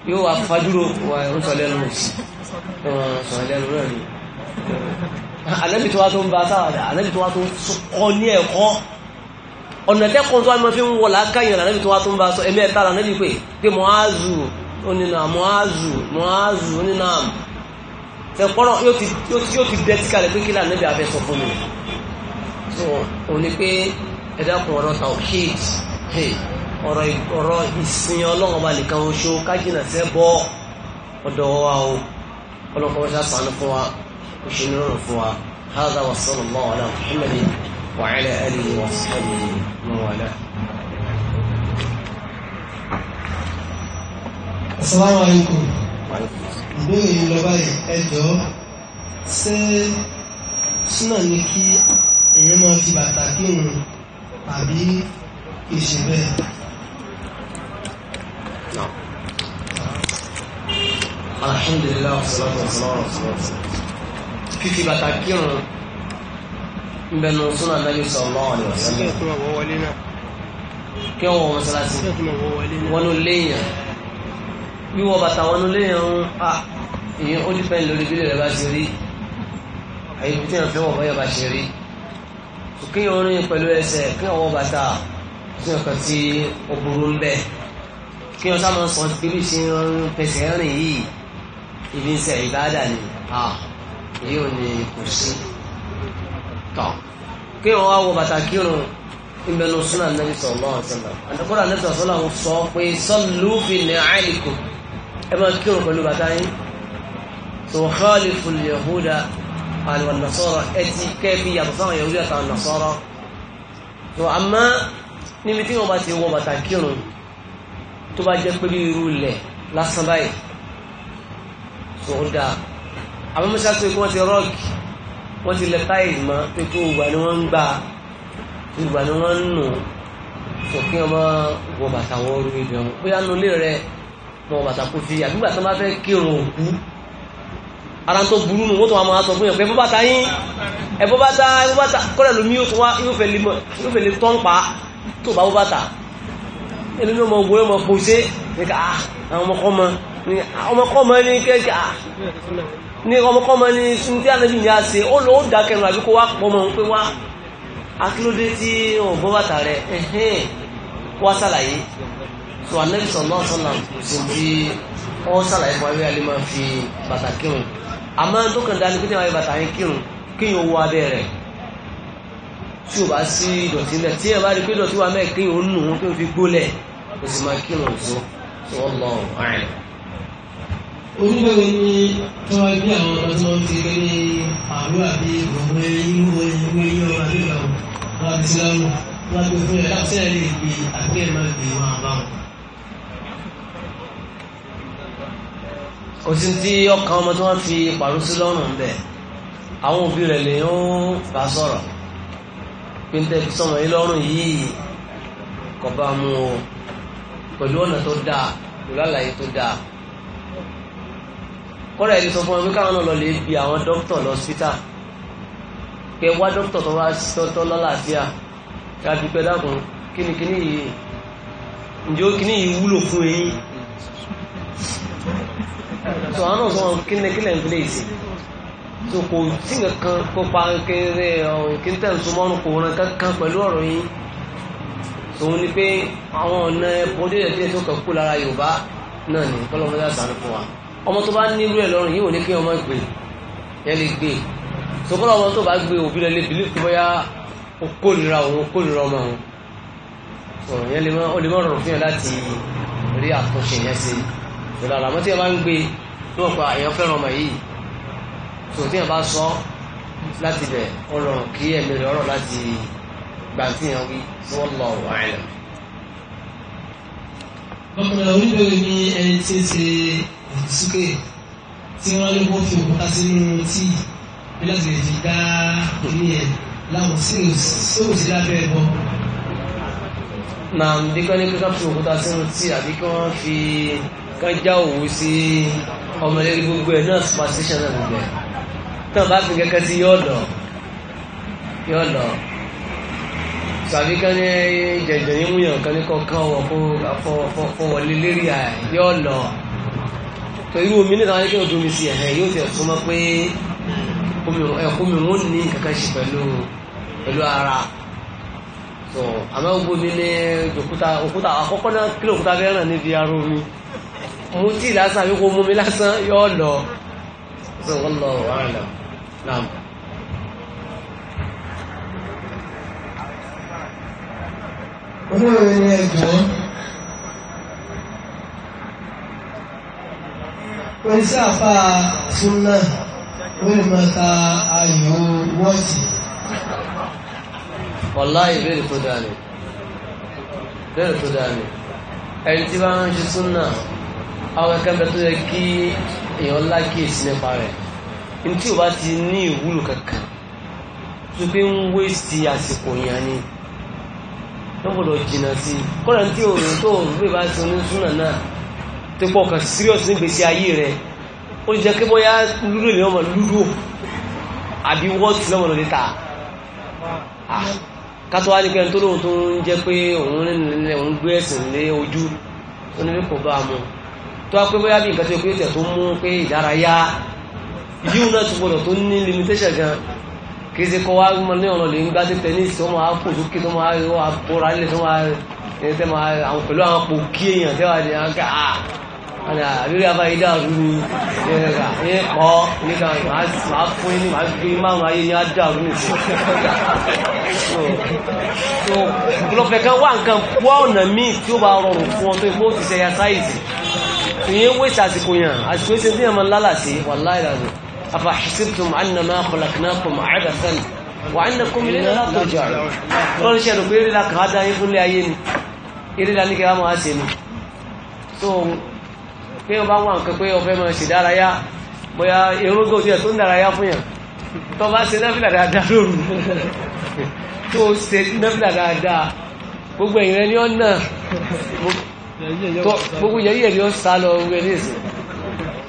yóò wà fajúrò wà ń sọ lẹ́nu sọ lẹ́nu náà ni ànábì tó wá tó ń ba sáwàdà ànábì tó wá tó kọ́ ní ẹ̀kọ́ ọ̀nà tẹ́kọ̀ọ́ tó wá mọ́ fi ń wọ̀ lákàyàn ànábì tó wá tó ń ba sọ ẹ̀mí ẹ̀ta ànábì pé pé mọ́ázù onínà mọ́ázù mọ́ázù onínà tẹ̀kọ́rọ̀ yóò ti dẹ́tí kalẹ̀ pé kí lè ànábì abẹ́ sọ fún mi òun ni pé ẹ̀dá kan ọ̀rọ̀ tàwọn kéèdì ọ̀rọ̀ ìsìn ọlọ́run ọba nìkan oṣù kájìnà tẹ́ bọ́ ọ̀dọ̀ wa o ọlọ́kọ̀ wọ́n ṣàṣàánú fún wa ó ṣe ní rọrùn fún wa hádà wà sọ́nà mọ́ ọ̀la mọ̀hẹ́mẹ́lì wàhálà ẹ̀lì wà sọ́nà mọ́ ọ̀la. Assalamu alaikum ìbéèrè yìí lọ báyìí ẹjọ́ ṣé súnà ní kí èèyàn máa fi bàtà kírun àbí ìṣẹ̀bẹ̀. alhamdulilayi fífi bàtà kírun ń bẹnu súnà nàbí sallallahu alaihi wasallam kí wọ́n wọ mọ́sálásí wọnú léèyàn wíwọ bàtà wọnú léèyàn ń a ìyẹn ó dípẹ́ lórí bílẹ̀ rẹ bá ṣe rí àyíkú tí wọ́n fẹ́ wọ̀ báyọ̀ bá ṣe rí kí wọ́n rìn pẹ̀lú ẹsẹ̀ kí wọ́n wọ bàtà sí ọkàn tí ó burú ń bẹ̀ kí wọ́n sá ibi ń ṣe ìbáàdà ni à yóò ní kò sí tọ̀ kí wọ́n wá wọ bàtà kírun ìbẹ̀nu súnà nàbí sallallahu alaihi wasallam àtàkùnrin àlẹ́ sọ̀rọ̀ àwọn sọ pé sallu fi ni'alikum ẹ máa kírun pẹ̀lú bàtà yín tó khaliful yahuda àwọn nasọ́rọ̀ ẹ ti kẹ́ fi yàtọ̀ sáwọn yahuda àtàwọn nasọ́rọ̀ tó àmọ́ níbi tí wọ́n bá ti wọ bàtà kírun tó bá jẹ́ pé bí irú lẹ̀ lásán báyìí tó ń dáa àwọn mọ́ṣáláṣí pé wọ́n ti rọ́ọ̀kì wọ́n ti lẹ táìlì mọ́ pé kó ìgbà ni wọ́n ń gbà ìgbà ni wọ́n ń nù sọ̀kí ọmọ wọ bàtà wọ orí ibẹ̀ wọn bóyá nu ilé rẹ mọ bàtà kó fi àbígbà tó bá fẹ́ kírun òkú ara tó burú nu wọ́n tó máa sọ fún yẹn pé ẹbọ́ bàtà yín ẹbọ́ bàtà ẹbọ́ bàtà kọ́lẹ̀ lómi yóò fẹ́ lè tọ́ ń pa tó bá wọ́ bàtà ẹni ní ọmọ ògbó yóò mọ pòṣé ní ká ah, àwọn ọmọkọ́ mọ ní ọmọkọ́mọ ní kẹ́kẹ́ ní ọmọkọ́mọ ní tí ànábì ní a ṣe ó lọ ó dákẹ́ nù àbí kó wá pọmọ pé wá akílódé tí ọ̀gbọ́n bàtà rẹ̀ ẹ̀hẹ́n wá sàlàyé tó ànábì sallallahu alaihi wasallam kò sí mú bí wọ́n sàlàyé fún abẹ́rẹ́ alẹ́ máa fi bàtà kírun àmọ́ tó kàn dání pé tí wọ́n fi bàtà yẹn kírun kéèyàn wọ abẹ́ rẹ̀ tí o bá sí ìdọ̀tí lẹ̀ tí ẹ bá rí pé ìdọ̀tí wa mẹ́ẹ̀kí òun nù wọn pé fi gbólẹ̀ ó sì máa kírun òṣù wọ́n lọ ọ̀hún onígbẹ̀rẹ̀ ni tó wá bí àwọn ọ̀dọ́ tí wọ́n ti rí ní àlọ́ àbí ìgbòho ẹ̀yìn ìwé ẹ̀yìn ọ̀rọ̀ àbí ìlànà wọn àti sílámù wọn àti òfin ẹ̀dá sí ẹ̀rí ìgbé àbí ẹ̀ máa gbé wọn àbá wọn. kò sí tí ọkàn ọmọ tí wọ́n fi pàrọ̀ sí lọ́rùn bẹ̀ àwọn òbí rẹ̀ lè ń bá sọ̀rọ̀ pé ń tẹ́ sọmọ yìí lọ́rùn yìí kò mu o ọ̀nà tó dáa pẹ̀lú àlàyé tó dáa kọ́ra ẹni sọ fún ọ pé káwọn náà lọ lè bi àwọn dókítà lọ síta pé wá dókítà tó wá tọ́ lálàáfíà ká fi pẹ́ dákun kíni kíni yìí ǹjẹ́ ó kíni yìí wúlò fún eyín tó àwọn náà sọ wọn kíni kílẹ̀ ń fílẹ̀ ìsìn tó kò tí nǹkan kó pa kéré kíni tẹ̀ ń so mọ́rùn kò ràn kankan pẹ̀lú ọ̀rọ̀ yín tòun ni pé àwọn ọ̀nà ẹ̀kọ́ ojú ẹ̀jẹ̀ tó kàn kú lára Yorùbá náà ni kọ́lọ́mọdé àṣà wa ọmọ tó bá nílò ẹ̀ lọ́rùn yìí ò ní kí ọmọ gbé ẹ lè gbé sọkọ́lá ọmọ tó bá gbé òbí rẹ̀ lè bí lè fi bóyá ó kórìíra òun ó kórìíra ọmọ òun sọ̀rọ̀ yẹn lè mọ́ ó lè mọ́ rọrùn fún yẹn láti rí àtúnṣe yẹn sí ìlú àràmọ́ tí yẹn bá ń gbé níwọ̀n pa èèyàn fẹ́ràn ọmọ yìí sọ̀rọ̀ tí yẹn bá sọ láti bẹ̀ ọ̀rọ̀ kí ẹ̀mí rẹ̀ ọ̀rọ̀ láti gbàǹtì yẹn wí wallahu a'lam. bákan náà oníbẹ̀rẹ̀ ni ẹni tí ń ṣe ìtúsókè tí wọ́n lé wọ́n fi òkúta sínú tíì bí láti lè fi dá omi yẹn láwọn sí òsì lábẹ́ ẹ̀bọ. nà bí kán ní kíkà fi òkúta sínú tíì àbí kí wọ́n fi kán já òwú sí ọmọlẹ́rí gbogbo ẹ̀ náà superstition náà gbogbo ẹ̀ náà bá fi kẹ́kẹ́ sí yọ̀ lọ yọ̀ lọ tàbí ká ní jẹjẹrẹ múyàn kan ní kọkàn wọn fún wọlé lérí àyọ lọ tó irú omi níta wáyé kí odò mi sí ẹ̀hẹ́ yóò fi ẹ̀tún mọ́ pé ẹ̀kún wọ́n ní kankan ṣe pẹ̀lú ara So, àmọ́ gbogbo mi ní òkúta òkúta àkọ́kọ́ náà kí lóòkúta fẹ́ràn níbi ara omi mo tí lásán àbí kò mú mi lásán yọ lọ tó wọ́n ẹ̀gbọ́n. wọ́n iṣẹ́ àfá súnà wọ́n máa ta ayò wọ́ọ̀tì. ọ̀la ìbéèrè tó dáa ni ìbéèrè tó dáa ni ẹni tí bá ń ṣe súnà àwọn akẹ́kẹ́ tó yẹ kí èèyàn lákìyèsí nípa rẹ̀ ní tí o bá ti ní ìwúlò kankan tó pé ń wéṣì àsìkò yẹn ni wọ́n gbọ́dọ̀ jìnnà sí i kọ́ra ní tí òòrùn tó òòrùn bí ìbá ti ní súnà náà tó pọ̀ kan serious ní gbèsè ayé rẹ̀ ó jẹ́ kí bóyá lúdò lè ọmọ lúdò àbí wọ́ọ̀tì lọ́mọ lórí ta kátó wá ní pé tó lóun tó ń jẹ́ pé òun gbé ẹ̀sìn lé ojú ó ní kò bá mu tó wá pé bóyá bí nǹkan tó yẹ pé tẹ̀ tó mú pé ìdárayá yíò náà ti gbọdọ̀ tó ní limitation gan kìí ṣe kọ́ wá mọ́ ní ọ̀nà lè ń gbá sí tẹ́nísì tó máa kò lókè tó máa bọ́ra nílẹ̀ tó máa pẹ̀lú àwọn pòkí èèyàn tẹ́wàá ní àgbà ah, ọ̀nà àrírí abáyídá rúru ní kọ́ nígbà máa fún ní máa fi márùn ayé ní àdàrú so ọlọ́fẹ́ kan wá nǹkan wá ọ̀nà míì tí ó bá rọrùn fún ọtọ́ ìpó ti ṣẹya sáìsì ìyẹn wéṣà àsìkò yàn àsìkò ìṣẹ́ tí ẹ̀mọ́ lálàsí wà láìláàrù afahsibtum annama khalaqnakum abathan wa annakum ilayna turja'un lọ́rọ̀ ṣe rò pé eré la kàá dá yín fúnlé ayé ni eré la ní kí wọ́n máa ṣe ni so pé wọ́n bá wà nǹkan pé ọ̀fẹ́ máa ṣèdárayá bóyá erógó tiẹ̀ tó ń dárayá fún yàn tó bá ṣe náfìlà dáadáa lóru tó ṣe náfìlà dáadáa gbogbo ẹ̀yìn rẹ ni ọ́ nà gbogbo yẹ̀yí ẹ̀ ni ọ́ sá lọ wẹ̀ ní ìsìn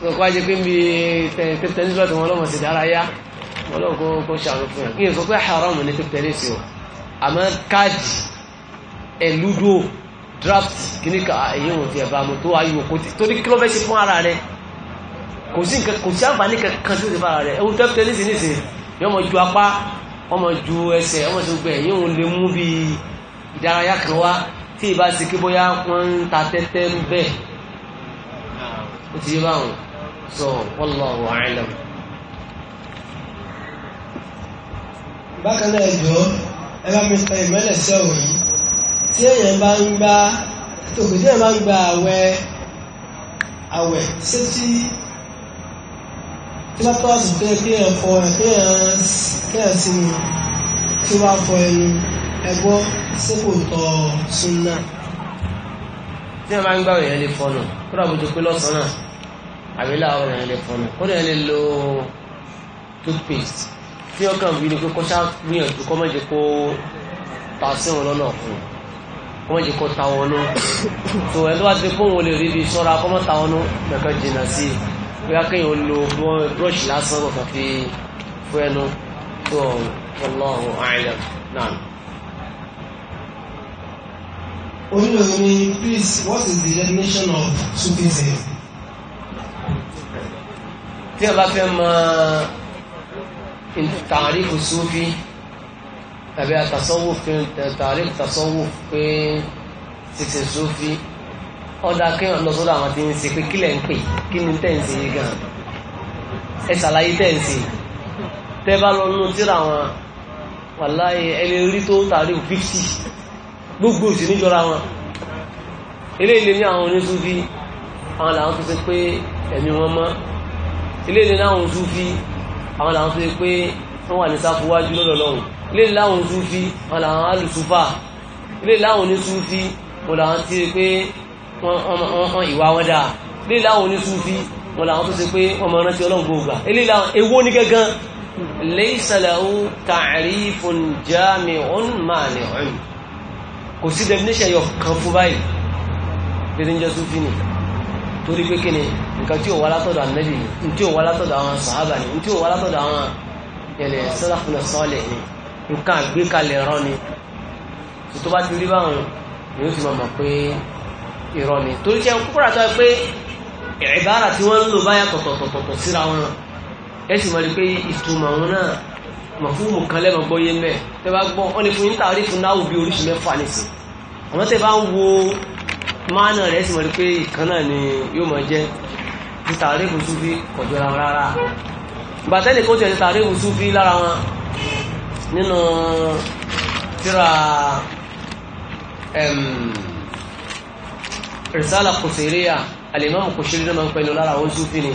lọ́kọ́ ajé pé mi tẹ̀tẹ̀ ní wọn lọ́mọ ṣèdárayá wọn lọ́kọ́ kó ṣàánú fún yàn kí n sọ pé haram ni tẹ̀tẹ̀ ní ìsìn o àmọ́ káàdì draft kìíní ka ah, èyí ò tiẹ̀ bá mu tó ayò kò tí torí kí ló fẹ́ ṣe fún ara rẹ kò sí nǹkan kò sí àǹfààní kankan tó ti fara rẹ ewu tẹ́pẹ́ nísìnyí nísìnyí yóò mọ ju apá wọ́n mọ ju ẹsẹ̀ wọ́n mọ sí gbẹ̀ yóò lè mú bí ìdárayá kan wá tí ìbá ti kí bóyá wọ́n ń ta tẹ́tẹ́ ń bẹ̀ ó ti yé báwọn sọ wallahu a'lam. bákan náà ẹ̀jọ́ ẹ bá mi ta ìmọ́lẹ̀ sí yìí tí èèyàn bá ń gba tòkè tí èèyàn bá ń gba àwẹ̀ àwẹ̀ ṣé tí tí bá tó àsìkò yẹn kí èèyàn fọ ẹ̀ kí èèyàn sinmi tí ó bá fọ ẹnu ẹgbọ́ sí kò tọ̀ sunna. tí èèyàn bá ń gbà èèyàn lè fọnù kódà bó ti pé lọ́sàn-án náà àbí láàárọ̀ èèyàn lè fọnù kódà èèyàn lè lo toothpaste tí ọkàn wí ni pé kọ́ṣá gbìyànjú kọ́ mọ́jẹ kó ta sí òun lọ́nà ọ̀fun wọ́n jẹ́ kó ta wọn nú tó ti kóhun lè rí bí sọ́ra kọ́mọ́ ta wọn nú sí i bóyá kéèyàn lo búrọ́ọ̀ṣì lásán kò fi fún ẹnu tó ọlọ́run àìlẹ̀ náà. onílòyìn ni please what is the definition of Sufism? sale. tí a bá fẹ́ mọ tàríkù Sufi tàbí atasọ́wọ́f kí tààríf tasọ́wọ́f pé ṣíṣe sófì ọ̀dà kéèyàn lọ sọ́dọ̀ àwọn tí ń ṣe pé kílẹ̀ ń pè kí ni tẹ̀ ń ṣe yìí gan ẹ ṣàlàyé tẹ̀ ń ṣe tẹ́ bá lọ nú tíra wọn wàláyé ẹni rí tó tààríf fífì gbogbo òsì níjọra wọn ilé ilé ní àwọn oníṣúfì àwọn làwọn tó ṣe pé ẹ̀mí wọn mọ́ ilé ilé ní àwọn oníṣúfì àwọn làwọn tó ṣe pé wọ́n wà ní sáfúwájú lọ́lọ́lọ́run ilé láwọn súfí wọn làwọn alùsúfà ilé láwọn onísúfí wọn làwọn tí pé wọ́n ìwà wọn dáa ilé láwọn onísúfí wọn làwọn tó ṣe pé wọ́n máa rántí ọlọ́run gbogbo ilé láwọn ewó ní gángan lẹ́ìsàlẹ̀hún tààrífún jáàmì ọ̀n máa ní ọ̀n kò sí definition yọ kan fún báyìí lẹ́ni jẹ́ súfí ni torí pé kí ni nǹkan tí ò wá látọ̀dọ̀ àwọn yẹnlẹ̀ sọ́láfúnà sọ́ọ̀lẹ̀ ni nǹkan àgbékalẹ̀ rán ni tó bá ti rí báwọn ni ó ti mọ̀ mọ̀ pé irọ́ ni torí tí a kúkúrò àtọ́ pé ìbára tí wọ́n ń lò báyà tọ̀tọ̀tọ̀tọ̀ síra wọn ẹ sì mọ̀ ní pé ìtumọ̀ wọn náà mọ̀ fún mọ̀ kan lẹ́mọ̀ gbọ́ yé mẹ́ tẹ́ bá gbọ́ ọ́ ní fún yín tàrí fún náà bí oríṣi mẹ́fà nìsín àmọ́ tẹ́ bá ń wo máàna rẹ̀ sì mọ̀ ní pé ìkan ni yóò mọ̀ jẹ́ títàrí fún súnfí kọjọ́ra rárá bàtẹ́lì kó tiẹ̀ tàrí ìwùsúfí lára wọn nínú tíra ìrìsálà kòsìríyà alìmọ́mù kò ṣeré náà pẹ̀lú lára wọn súfí ni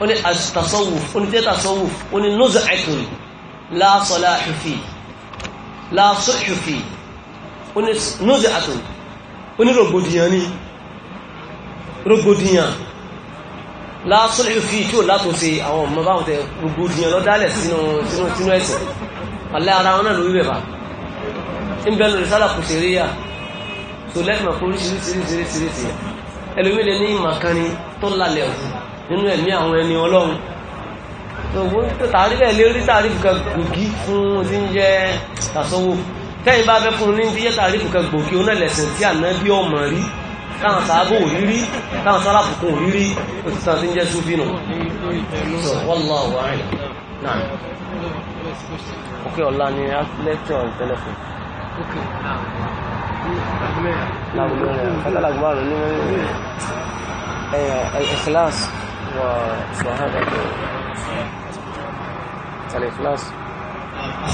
ó ní àtàsọ́wùf ó ní tí tàsọ́wùf ó ní lóòzù ẹ̀tùn láàsọ́lá ṣùfì láàsọ́ ṣùfì ó ní lásìlẹ̀ fi tí ò látòsí àwọn ọmọ báwọn tẹ gbogbo ìdíyàn lọ́dálẹ̀ sínú ẹ̀sìn alẹ́ ara wọn náà ló wíwẹ̀ bá ń bẹ́ lórí sálà kò ṣeré yà tó lẹ́gbẹ̀ẹ́ kó oríṣiríṣiríṣiríṣi ẹlòmílẹ̀ ní ìmàkanni tó lálẹ̀ ọ̀hún nínú ẹ̀mí àwọn ẹni ọlọ́run ògùn tààrí bẹ́ẹ̀ lérí tààrí kan gbòógì fún ti ń jẹ́ tàṣọwọ́ tẹ́yìn bá fẹ́ fún un ní ti jẹ́ tààrí kan gbòógì ó náà lẹ̀sìn tí àná bí ọmọ rí táwọn sàábò òrírí táwọn sálàpùpù òrírí ó ti sáà tí ń jẹ́ súfínù so wallahu a'lam náà òkè ọ̀la ni lẹ́tọ̀ tẹlẹfọ̀n lágbómẹ́rin fẹ́lágbómẹ́rin ní al-ikhlas